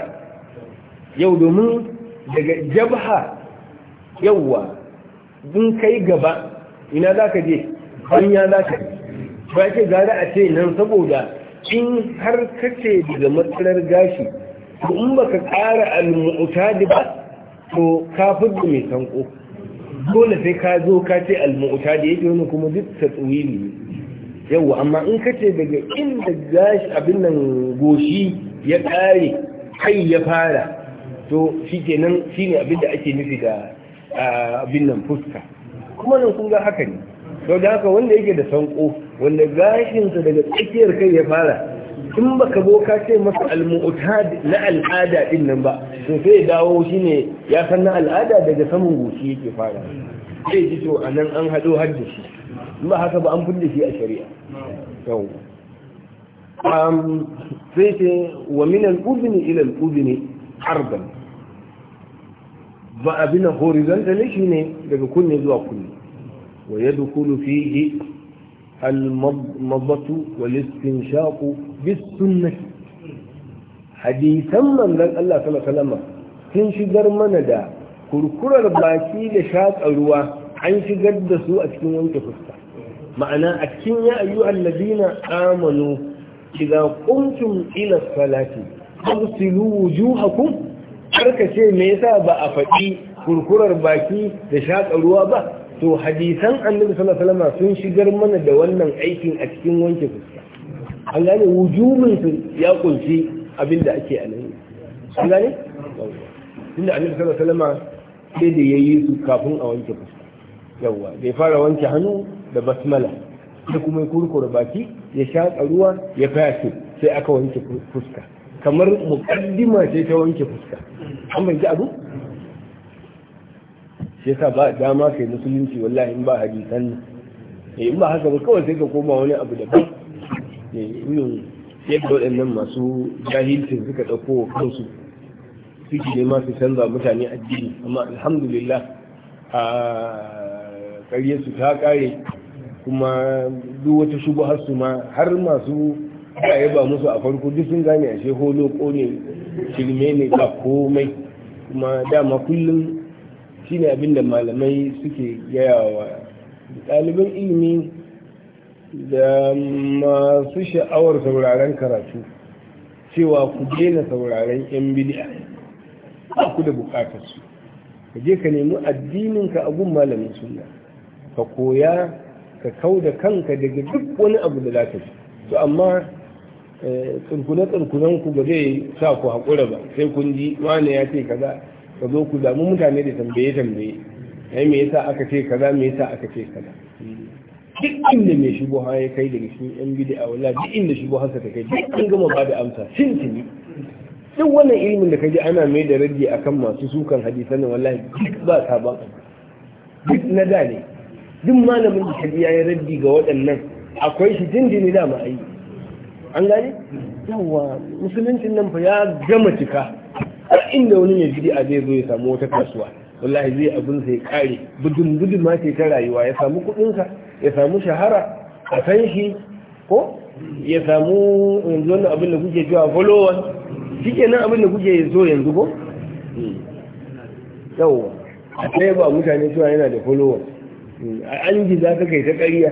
Speaker 2: yau domin daga jabha yauwa in kai gaba ina za ka je hanya za ka ba ce gara a ce nan saboda in har kace daga matsirar gashi in baka ƙara al-mu'tadi ba to kafin da mai sanko dole sai ka zo ka ce almu'uta da yake wani kuma duk ta tsuwili ne yawwa amma in ka ce daga inda gashi abin nan goshi ya kare kai ya fara to shi ke nan shi ne abin da ake nufi da abin nan fuska kuma nan kun ga haka ne sau da haka wanda yake da sanko wanda gashinsa daga tsakiyar kai ya fara in baka bo ka ce masa al-mu'tad na al'ada din nan ba to sai dawo shine ya san na al'ada daga saman goshi yake fara sai ji to anan an hado har da shi ba haka ba an fulle shi a shari'a yau um sai ce wa min al-udni ila al-udni arban ba abin horizontally shine daga kunne zuwa kunne wa yadkhulu fihi المضمضة والاستنشاق بالسنة حديثا من ذلك الله صلى الله عليه وسلم sun shigar mana da kurkurar baki da shaƙa ruwa an shigar da su a cikin wanke fuska ma'ana a cikin ya ayyu allazina amanu idza qumtum ila salati aghsilu wujuhakum karkace me yasa ba a faɗi kurkurar baki da shaƙa ruwa ba to hadisan annabi sallallahu alaihi wasallam sun shigar mana da wannan aikin a cikin wanke fuska an gane wujubin su ya kunshi abin da ake a nan an gane tunda annabi sallallahu alaihi wasallam sai da yayi su kafin a wanke fuska yawa da ya fara wanke hannu da basmala da kuma ya kurkura baki ya shaƙa ruwa ya fashe sai aka wanke fuska kamar mukaddima ce ta wanke fuska an bai abu shi yasa ba dama kai musulunci wallahi in ba hadisan nan eh, in ba haka ba kawai sai ka koma wani abu eh yin yadda waɗannan masu jahilcin suka ɗauko kansu suke ma su canza mutane addini amma alhamdulillah a su ta kare kuma duk wata shubuhar su ma har masu ya ba musu a farko duk sun gane a shi ko ne shirme ne ba komai kuma dama kullum shine abin da malamai suke gayawa ɗaliban ilimi da masu sha'awar sauraren karatu cewa ku daina sauraren 'yan bidi'a ba ku da bukatar su ka je ka nemi addininka a gun malamin suna ka koya ka kau da kanka daga duk wani abu da za ka ji to amma eh, tsirkune-tsirkunen ku ba zai sa ku haƙura ba sai kun ji wane ya ce kaza ka zo ku zamu mutane da tambaye tambaye ai me yasa aka ce kaza me yasa aka ce kaza duk inda mai ha ya kai daga cikin yan a wala duk inda shigo hasa ta kai duk an gama ba da amsa tintini duk wannan ilimin da kaji ana mai da raddi akan masu sukan hadisan wallahi duk ba ba duk na da ne duk malamin da kaji yi raddi ga waɗannan akwai shi tintini da ma ai an gane yawa musuluncin nan fa ya gama cika har inda wani mai a zai zo ya samu wata kasuwa wallahi zai abin sai kare budun budun ma ce ta rayuwa ya samu kuɗinsa ya samu shahara a san shi ko ya samu yanzu wannan abin da kuke cewa followers shi nan abin da kuke zo yanzu ko hmm. yawwa a kai ba mutane cewa yana da followers hmm. an ji za ka kai ta ƙarya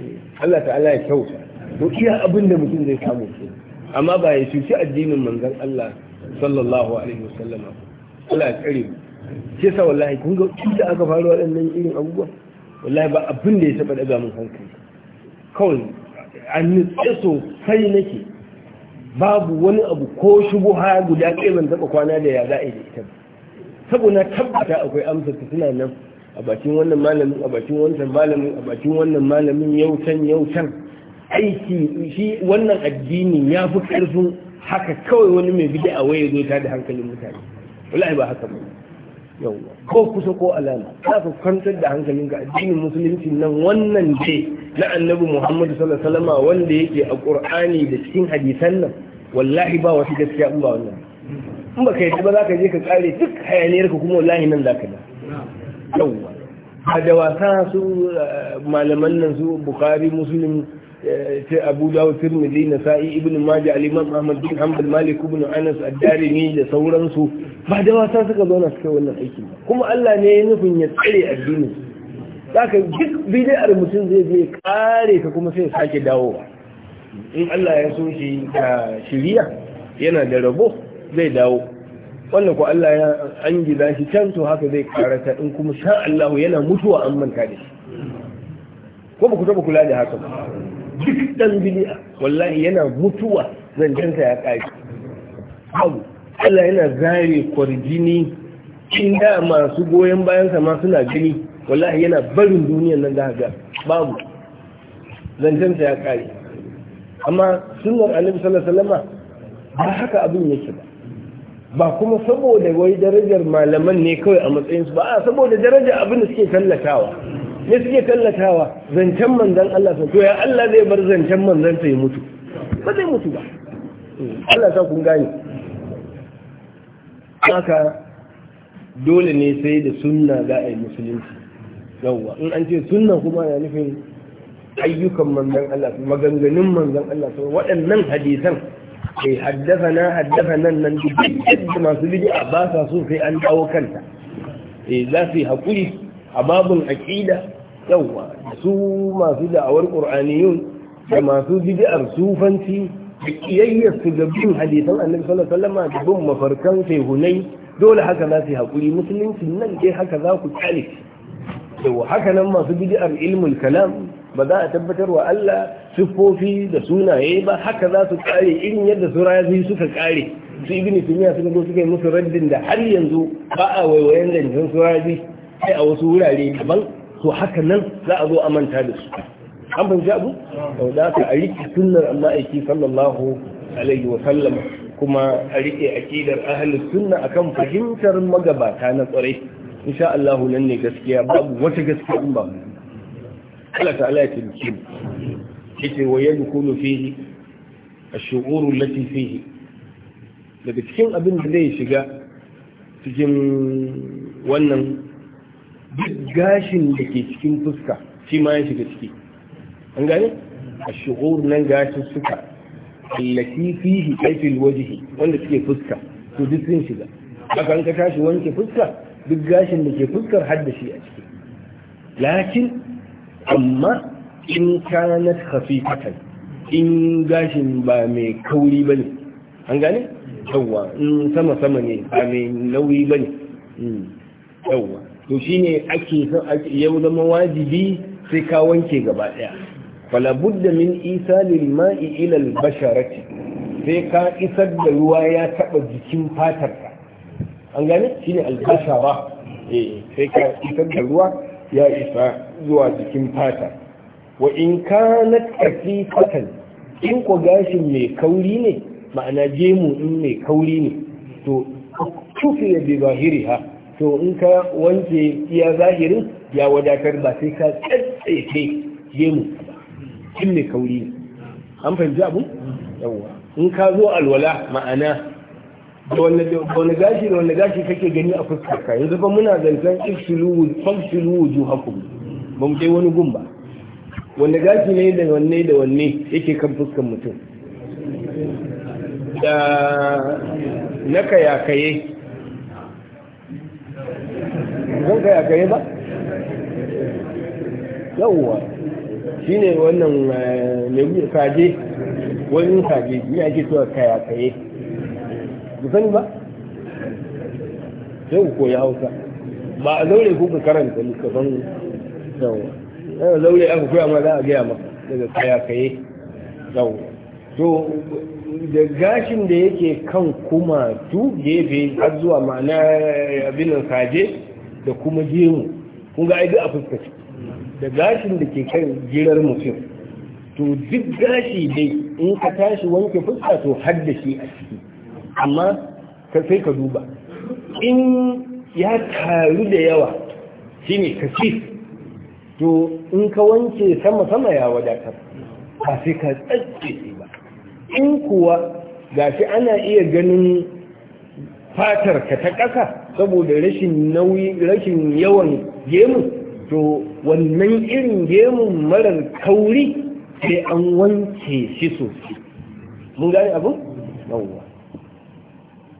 Speaker 2: hmm. Allah ta'ala ya kyauta to iya abin da mutum zai samu amma ba ya cuci addinin manzon Allah sallallahu alaihi wasallam Allah ya kare mu shi sa wallahi kun ga inda aka faru wadannan irin abubuwa wallahi ba abin da ya taba daga mun hankali kawai an nutse sosai nake babu wani abu ko ha guda kai ban taba kwana da ya yi da ita saboda tabbata akwai amsa ta suna nan a bakin wannan malamin a bakin wancan malamin a bakin wannan malamin yau can yau can aiki shi wannan addini ya fi ƙarfin haka kawai wani mai bida a waye zo ta da hankalin mutane wallahi ba haka ba yawwa ko kusa ko alama za ka kwantar da hankalin ga addinin musulunci nan wannan ce na annabi muhammadu sallallahu alaihi wasallam wanda yake a qur'ani da cikin hadisan nan wallahi ba wasu gaskiya in ba wannan in ba kai ba za ka je ka kare duk hayaniyar ka kuma wallahi nan za ka da yawwa ba da wasa su eh, malaman nan su bukari musulmi ta eh, abu dawo tirmidhi nasa'i ibn majah al-imam ahmad bin hanbal malik ibn anas ad-darimi da sauransu ba da wasa suka zauna suka wannan aiki kuma Allah ne ya nufin ya tsare addinin saka duk bid'ar mutum zai je kare ka kuma sai ya sake dawowa in Allah ya so shi ka shiriya yana da rabo zai dawo Wannan ko Allah ya an shi can to haka zai karata in kuma sha Allah yana mutuwa an manta da shi ko ba ku taba kula da haka ba duk dan bid'a wallahi yana mutuwa zancenta ya kai babu Allah yana zare kwarjini kin da masu goyon bayan sa ma suna gani wallahi yana barin duniyar nan da haka. babu zancenta ya kai amma sunan annabi sallallahu alaihi ba haka abin yake ba ba kuma saboda wai darajar malaman ne kawai a matsayinsu ba a saboda darajar abin da suke tallatawa ne suke tallatawa zancen manzan Allah sun to ya Allah zai bar zancen manzan ta ya mutu ba zai mutu ba Allah sa kun gane haka dole ne sai da sunna ga ai musulunci yawwa in an ce sunna kuma na nufin ayyukan manzan Allah maganganun manzan Allah waɗannan hadisan kai haddasa na haddasa nan nan duk yadda masu bid'a ba sa so sai an dawo kanta eh za su yi haƙuri a babun aƙida yawa su masu da'awar qur'aniyun da masu bid'ar sufanci da kiyayyar ga bin hadisan annabi sallallahu alaihi wasallam da bin mafarkan sai hunai dole haka za su hakuri musulunci nan dai haka za ku kyale yawa haka nan masu bid'ar ilmul kalam ba za a tabbatar wa Allah siffofi da sunaye ba haka za su kare irin yadda su razi suka kare su ibn tumiya suka zo suka yi musu raddin da har yanzu ba a waiwayen zancen su razi sai a wasu wurare daban To haka nan za a zo a manta da su an ban abu sau da aka a riƙe sunnar amma aiki sallallahu alaihi wa sallama kuma a riƙe aƙidar ahalin sunna akan fahimtar magabata na tsare insha Allah nan ne gaskiya babu wata gaskiya in ba Allah ala ya tilki ce wa yadkhulu fihi ash-shu'ur allati fihi daga cikin abin da zai shiga cikin wannan duk gashin da ke cikin fuska shi ma ya shiga ciki an gane a shu'ur nan gashin suka allati fihi kaifil wajhi wanda suke fuska to duk sun shiga haka an ka tashi wanke fuska duk gashin da ke fuskar har da shi a ciki lakin amma in kanat khafifatan in gashin ba mai kauri bane an gane yawwa in sama sama ne ba mai nauyi bane hmm. yawwa to shine ake yau zama wajibi sai ka wanke gaba daya fala budda min isalil ma'i ila al basharati sai ka isar da ruwa ya taba jikin fatar ka an gane shine al bashara eh sai ka isar da ruwa ya isa zuwa jikin fata wa in kanat kafifatan in ko gashin mai kauri ne ma'ana jemu in mai kauri ne to kufiya bi zahiriha to in ka wanke iya zahirin ya wadatar ba sai ka tsatsefe ke ba in ne kauri an fahimci abu yawwa in ka zo alwala ma'ana da wani gashi da wani gashi kake gani a fuskarka yanzu ba muna zancen ifsulu wujuhakum ba mu kai wani gun ba wanda gashi ne da wanne da wanne yake kan fuskar mutum da na kayakaye zan kai a kai ba yauwa shi ne wannan eh, mai kaje wani kaje ni ake cewa kai a kai ku sani ba sai ku koyi hausa ba a zaure ku ku karanta yauwa yawwa yawwa zaure aka koya ma za a gaya maka daga kai a kai yauwa to da gashin da yake kan kuma tu gefe har zuwa ma'ana eh, abin kaje da kuma jemu kun ga aiki a fuskaci da gashin da ke kan girar mutum to duk gashi dai in ka tashi wanke fuska to har da shi a ciki amma ka sai ka duba in ya taru da yawa shi shine kasif to in ka wanke sama sama ya wadatar ba sai ka
Speaker 3: tsatse ba
Speaker 2: in kuwa gashi ana iya ganin fatar ka ta ƙasa saboda rashin nauyi rashin yawan gemu to wannan irin gemun marar kauri sai an wanke shi sosai mun gane abu yawwa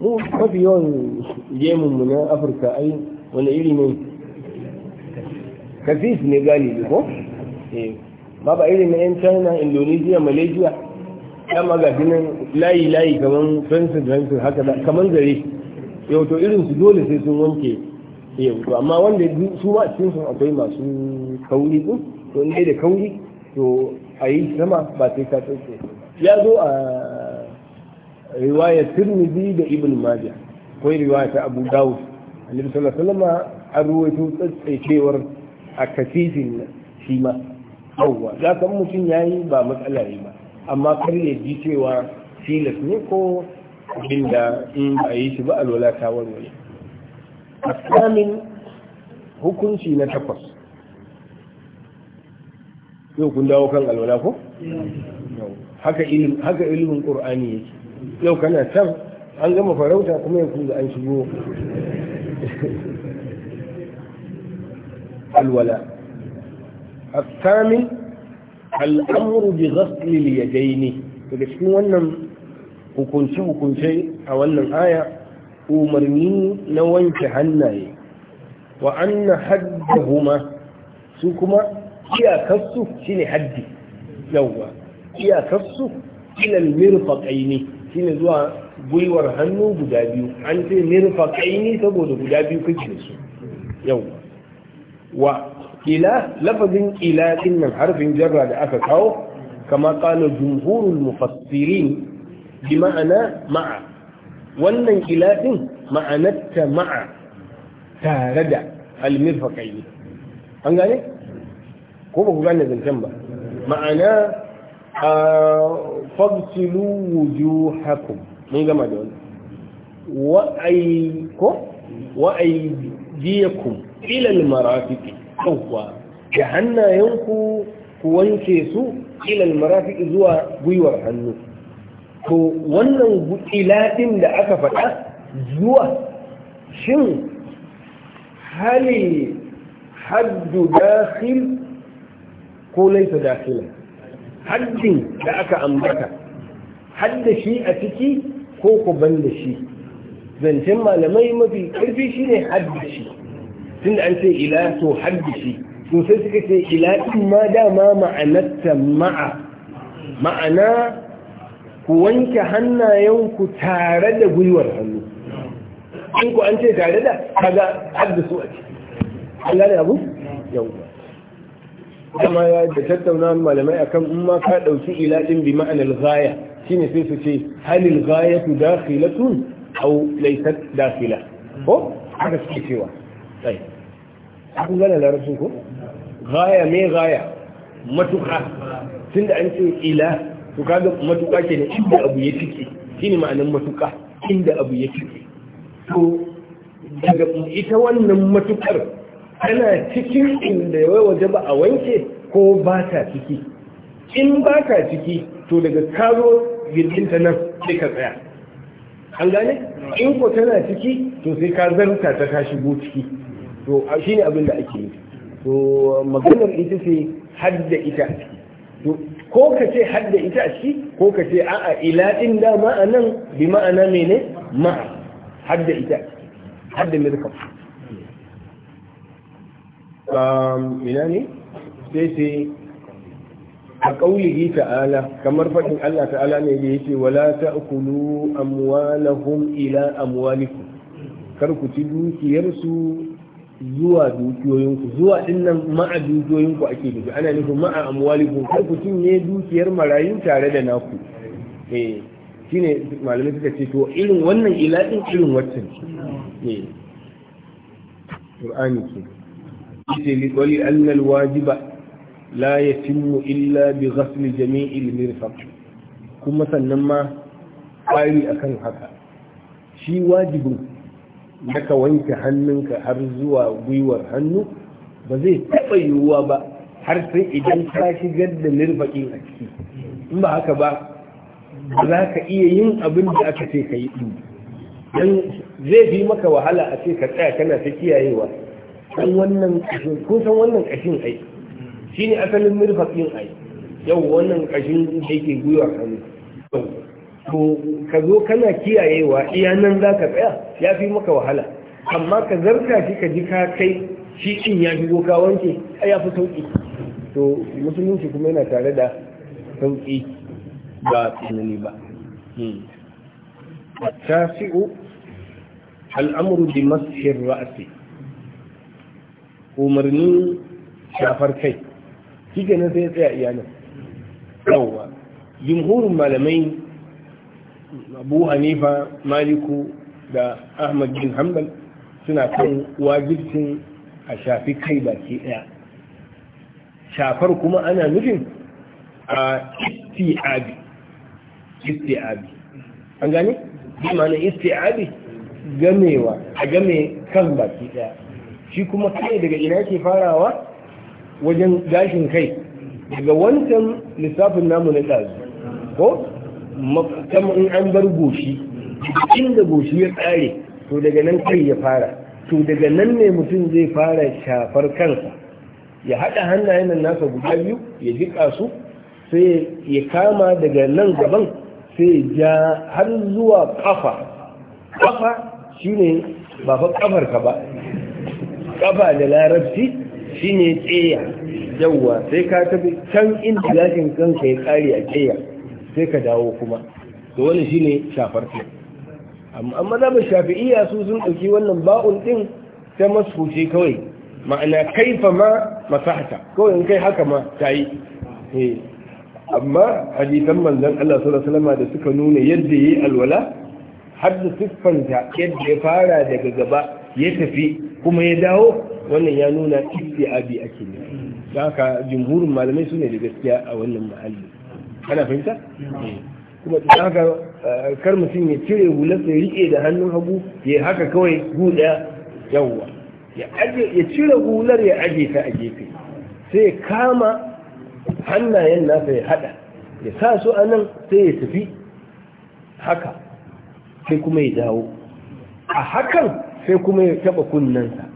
Speaker 2: mu mafi yawan gemun mu na afirka ai wani iri ne kafis ne ne ko eh. ba ba irin na yan china indonesia malaysia ya magaji nan layi layi kamar fensin fensin haka kamar gari yau to irin su dole sai sun wanke yau to amma wanda su ma cikin sun akwai masu kauri din to ne da kauri to a yi sama ba sai ka tsoke ya zo a riwaya tirmidhi da ibn majah akwai riwaya ta abu dawud annabi sallallahu alaihi wasallam an ruwaito tsatsaikewar a kasifin shi ma yawwa za ka mutum yayi ba matsala ne ba amma kar ya ji cewa tilas ne ko abinda in ba yi shi ba alwala ta warware asamin hukunci na takwas yau kun dawo kan alwala ko haka ilimin haka yake yau kana can an gama farauta kuma yankun da an shigo alwala الثامن الأمر بغسل اليدين daga cikin wannan hukunce hukunce a wannan aya umarni na wanke hannaye wa anna huma su kuma iyakarsu shine haddi yawwa iyakarsu ilal mirfaqaini shine zuwa gwiwar hannu guda biyu an ce mirfaqaini saboda guda biyu kake da su yawwa wa ila lafazin ila nan harfin jarra da aka kawo kama qala jumhurul mufassirin bi ma'ana ma'a wannan ila din ma'anarta ma'a tare da almirfaqai an gane ko ba ku gane zancen ba ma'ana a fagsilu hakum mun gama da wani wa'ai ko wa'ai diyakum ila almarafiqi kawwa da hannayenku ku wanke su ila marafiki zuwa gwiwar hannu to wannan ilaɗin da aka faɗa zuwa shin hali haddu dakhil ko laisa dakhilan haddin da aka ambata hadda shi a ciki ko ku da shi zancen malamai mafi ƙarfi shine haddi shi da an ce ila to haddi shi sosai suka ce ila in ma dama ma'anarta ma'a ma'ana ku wanke hannayenku tare da gwiwar hannu in ku an ce tare da kaga su a ciki an gane abu yawwa kuma ya da tattauna malamai akan in ma ka dauki ila din bi ma'anar gaya, shi ne sai su ce halil dafila dakhilatun aw laysat dafila. ko haka suke cewa sai kun gane larabcin ko Gaya me gaya matuka Tun da an ce ila to kaga matuƙa ke da inda abu ya fike ne ma'anin matuƙa inda abu ya fike to daga ita wannan matuƙar tana cikin inda ya waje ba a wanke ko ba ta ciki in ba ta ciki to daga karo girginta nan sai ka tsaya an gane in ko tana ciki to sai ka zarta ta ka shigo ciki to shine abin da ake yi to maganar ita ce hadda ita a ciki ko ka ce hadda ita a ciki ko ka ce a'a ila din da ma'anan bi ma'ana mene ma hadda ita hadda mirkam um, ba. ina ne sai sai a ƙaulihi ta'ala kamar faɗin Allah ta'ala ne da ce wala na amwalahum ila amwalikum kar ku ci dukiyarsu zuwa dukiyoyinku zuwa dinnan ma'a dukiyoyinku ake nufi ana nufin ma'a amwalikum kar ku cinye dukiyar marayu tare da naku eh shine malamai suka ce to irin wannan ilaɗin irin waccan eh qur'ani ke yace li qali anna alwajiba la yatimmu illa bi ghasl jami'il mirfaq kuma sannan ma ƙari akan haka shi wajibin na ka wanke hannunka har zuwa gwiwar hannu ba zai taɓa yiwuwa ba har sai idan ka shigar da nirbaƙin a ciki in ba haka ba ba za ka iya yin abin da aka ce ka yi ɗin don zai fi maka wahala a ce ka tsaya kana ta kiyayewa san wannan ƙashin kun san wannan ƙashin ai shine asalin nirbaƙin ai yau wannan ƙashin da yake gwiwar hannu to ka zo kana kiyayewa iya nan za ka tsaya ya fi maka wahala amma ka zarta shi ka ji ka kai shi in ya shigo ka wanke a ya fi sauƙi to musulunci kuma yana tare da sauƙi ba tsanani ba hmm. tasi'u al'amuru bi mashin ra'asi umarnin shafar kai shi ke nan sai ya tsaya iya nan yawwa jimhurin malamai abu hanifa maliku da ahmad bin hanbal suna kan wajibcin a shafi kai baki ɗaya shafar kuma ana nufin a isti'abi isti'abi an gane? bi mana isti'abi gamewa a game kan baki ɗaya shi kuma kai daga ina ke farawa wajen gashin kai daga wancan lissafin namu na ɗazu ko kamar in an bar goshi inda goshi ya tsare to daga nan kai ya fara to daga nan ne mutum zai fara shafar kansa ya haɗa hannayen nan nasa guda biyu ya jiƙa su sai ya kama daga nan gaban sai ja har zuwa ƙafa ƙafa shine ba fa ƙafar ka ba ƙafa da larabci shine tseya yawwa sai ka tafi can inda gashin kanka ya ƙare a tseya sai ka dawo kuma to wani shine shafar kai amma mazhabin shafi'iyya su sun ɗauki wannan ba'un ɗin ta masfuce kawai ma'ana kaifa ma masahata kawai in kai haka ma tayi eh amma hadisan manzon Allah sallallahu alaihi da suka nuna yadda yi alwala har da siffanta yadda ya fara daga gaba ya tafi kuma ya dawo wannan ya nuna istiabi ake ne haka jumhurin malamai su ne da gaskiya a wannan muhalli. ana fahimta kuma ta haka eh, kar mutum ya cire hular sai riƙe da hannun hagu ya haka kawai guda yawwa ya cire hular ya aje ta a gefe sai ya kama hannayen nasa ya hada ya sa su a nan sai ya tafi haka sai kuma ya dawo a hakan sai kuma ya taba kunnensa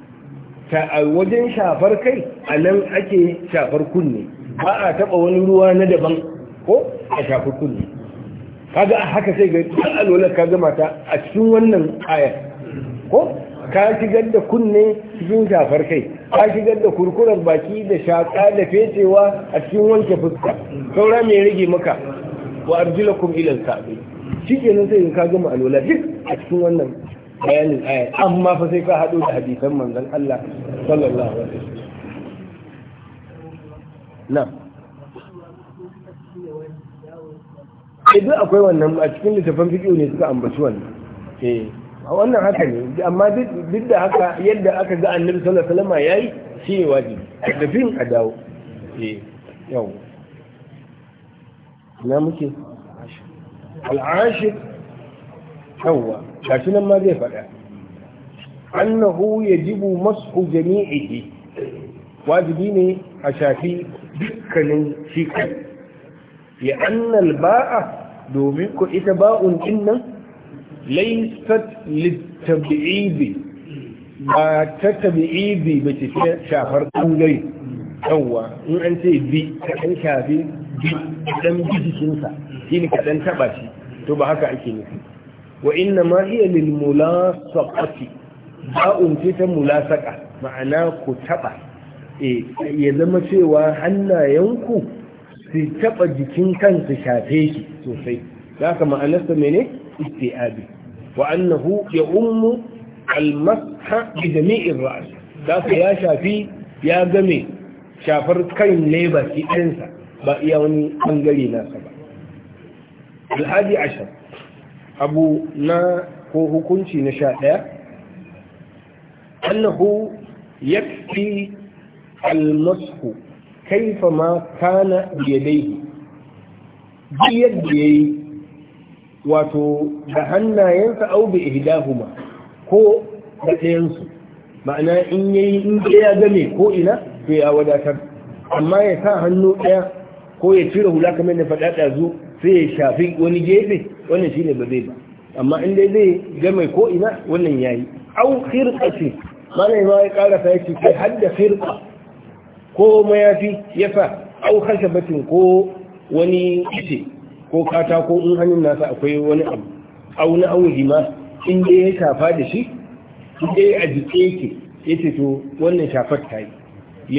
Speaker 2: ta a wajen shafar kai a nan ake shafar kunne ba a taba wani ruwa na daban ko a shafi kulli kaga haka sai ga alwala ka gama ta a cikin wannan ayar ko ka shigar da kunne cikin shafar kai ka shigar da kurkurar baki da shaƙa da fecewa a cikin wanke fuska saura mai rage maka wa arjulakum sabi Shi ke nan sai ka gama alwala duk a cikin wannan bayanin aya amma fa sai ka hado da hadisan manzon Allah sallallahu alaihi wasallam na'am sai eh, duk akwai wannan a cikin littafin fiƙiyo ne suka ambaci wannan eh wannan haka ne amma duk da haka yadda aka ga annabi sallallahu alaihi wasallam yayi shi ne wajibi da bin a dawo eh yau na muke al'ashir yawwa gashi nan ma zai faɗa annahu yajibu mas'u jami'ihi wajibi ne a shafi dukkanin shi kai ya annal ba'a domin ko ita ba'un din nan laysat litab'idi ba ta tabi'ibi ba ce shafar kungare yawwa in an ce bi ta ɗan shafi bi bi jikinsa shi ne kaɗan taɓa shi to ba haka ake nufi wa inna ma iya lil mulasaqati ba'un ce ta mulasaqa ma'ana ku taɓa eh, ya zama cewa hannayenku su taɓa jikin kansu shafe shi sosai da haka ma'anarsa mene isti'abi wa annahu ya ummu almasha bi jami'in ra'as da haka ya shafi ya game shafar kan ne baki ɗinsa ba iya wani ɓangare nasa ba alhadi ashar abu na ko hukunci na sha ɗaya annahu yakfi almashu kaifa ma kana biyadaihi biyar da ya yi wato da hannayensa au bi ihdahuma ko da ɗayansu ma'ana in yayi in ya game ko ina to ya wadatar amma ya sa hannu ɗaya ko ya cire hula kamar da faɗa ɗazu sai ya shafi wani gefe wannan shine ba zai ba amma in dai zai game ko ina wannan ya yi. au mana yi ma ya ƙara sa yace kai hadda firka ko mayafi ya sa au batin ko wani ite ko katako ko in hannun nasa akwai wani abu auna auri ma inda ya shafa da shi inda ya ajiye ke ya ce to wannan shafar ta yi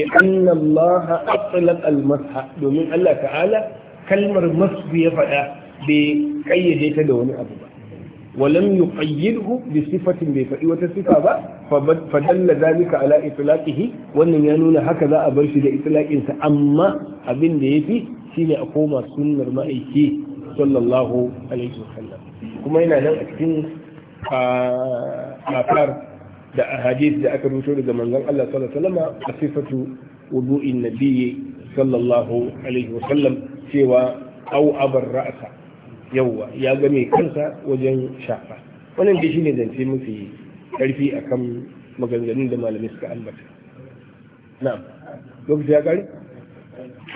Speaker 2: ya anna Allah ha al domin Allah ta'ala kalmar masu ya faɗa bai kayyade ta da wani abu ba walam da sifatin bai faɗi wata sifa ba fadalla zalika ala itlaqihi wannan ya nuna haka za a bar shi da itlaqinsa amma abin da ya fi. shine a koma sunnar ma'aiki sallallahu alaihi wasallam kuma yana nan a cikin afar da ahadith da aka rubuto daga manzon Allah sallallahu alaihi wasallam a sifatu wudu'in nabiyyi sallallahu alaihi wasallam cewa au abar ra'sa yawa ya ga mai kansa wajen shafa wannan dai shine zance mafi karfi akan maganganun da malamai suka ambata na'am lokaci ya kare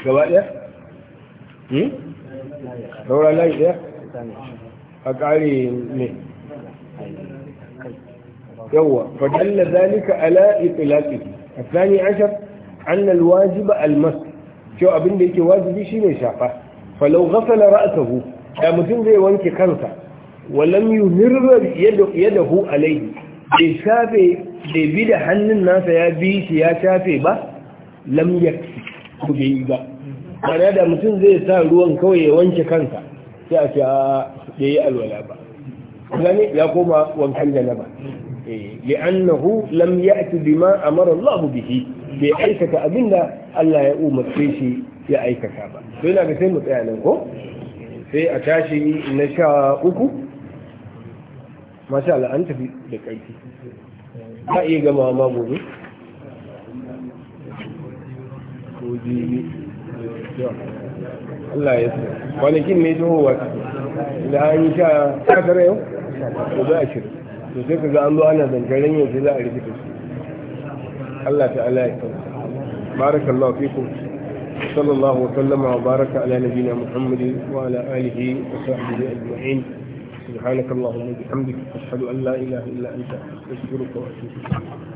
Speaker 2: gaba daya yi? Hmm?
Speaker 3: rora lai ɗaya?
Speaker 2: a ƙari ne yawwa fadalla zalika a tsani ashar annal wajiba almas cewa abinda yake wajibi shine ne shafa falau gasala ra'atahu da mutum zai wanke kansa Wa lamyu yadahu alayhi bai shafe bai bi da hannun nasa ya bi shi ya shafe ba lam yaksi ku bai ba Bana da mutum zai sa ruwan kawai ya wanke kansa sai a ce a ya yi alwala ba gani ya koma wankan da na ba eh, annahu lam ya'ti bima amara Allah bihi bai aikata abinda Allah ya umarce shi ya aikata ba to yana ga sai mu tsaya nan ko sai a tashi na sha uku masha an tafi da ƙarfi ka iya gama ma gobe
Speaker 3: ko jibi Allah
Speaker 2: ya sa kwanakin ne jihowa da an yi sha tara yau to za a shirya to sai ka ga an zo ana zancen yau sai za a rufe su Allah ta'ala ya kawo barakallahu fikum صلى الله وسلم وبارك على نبينا محمد وعلى آله وصحبه أجمعين سبحانك اللهم وبحمدك أشهد أن لا إله إلا أنت أستغفرك وأتوب
Speaker 3: إليك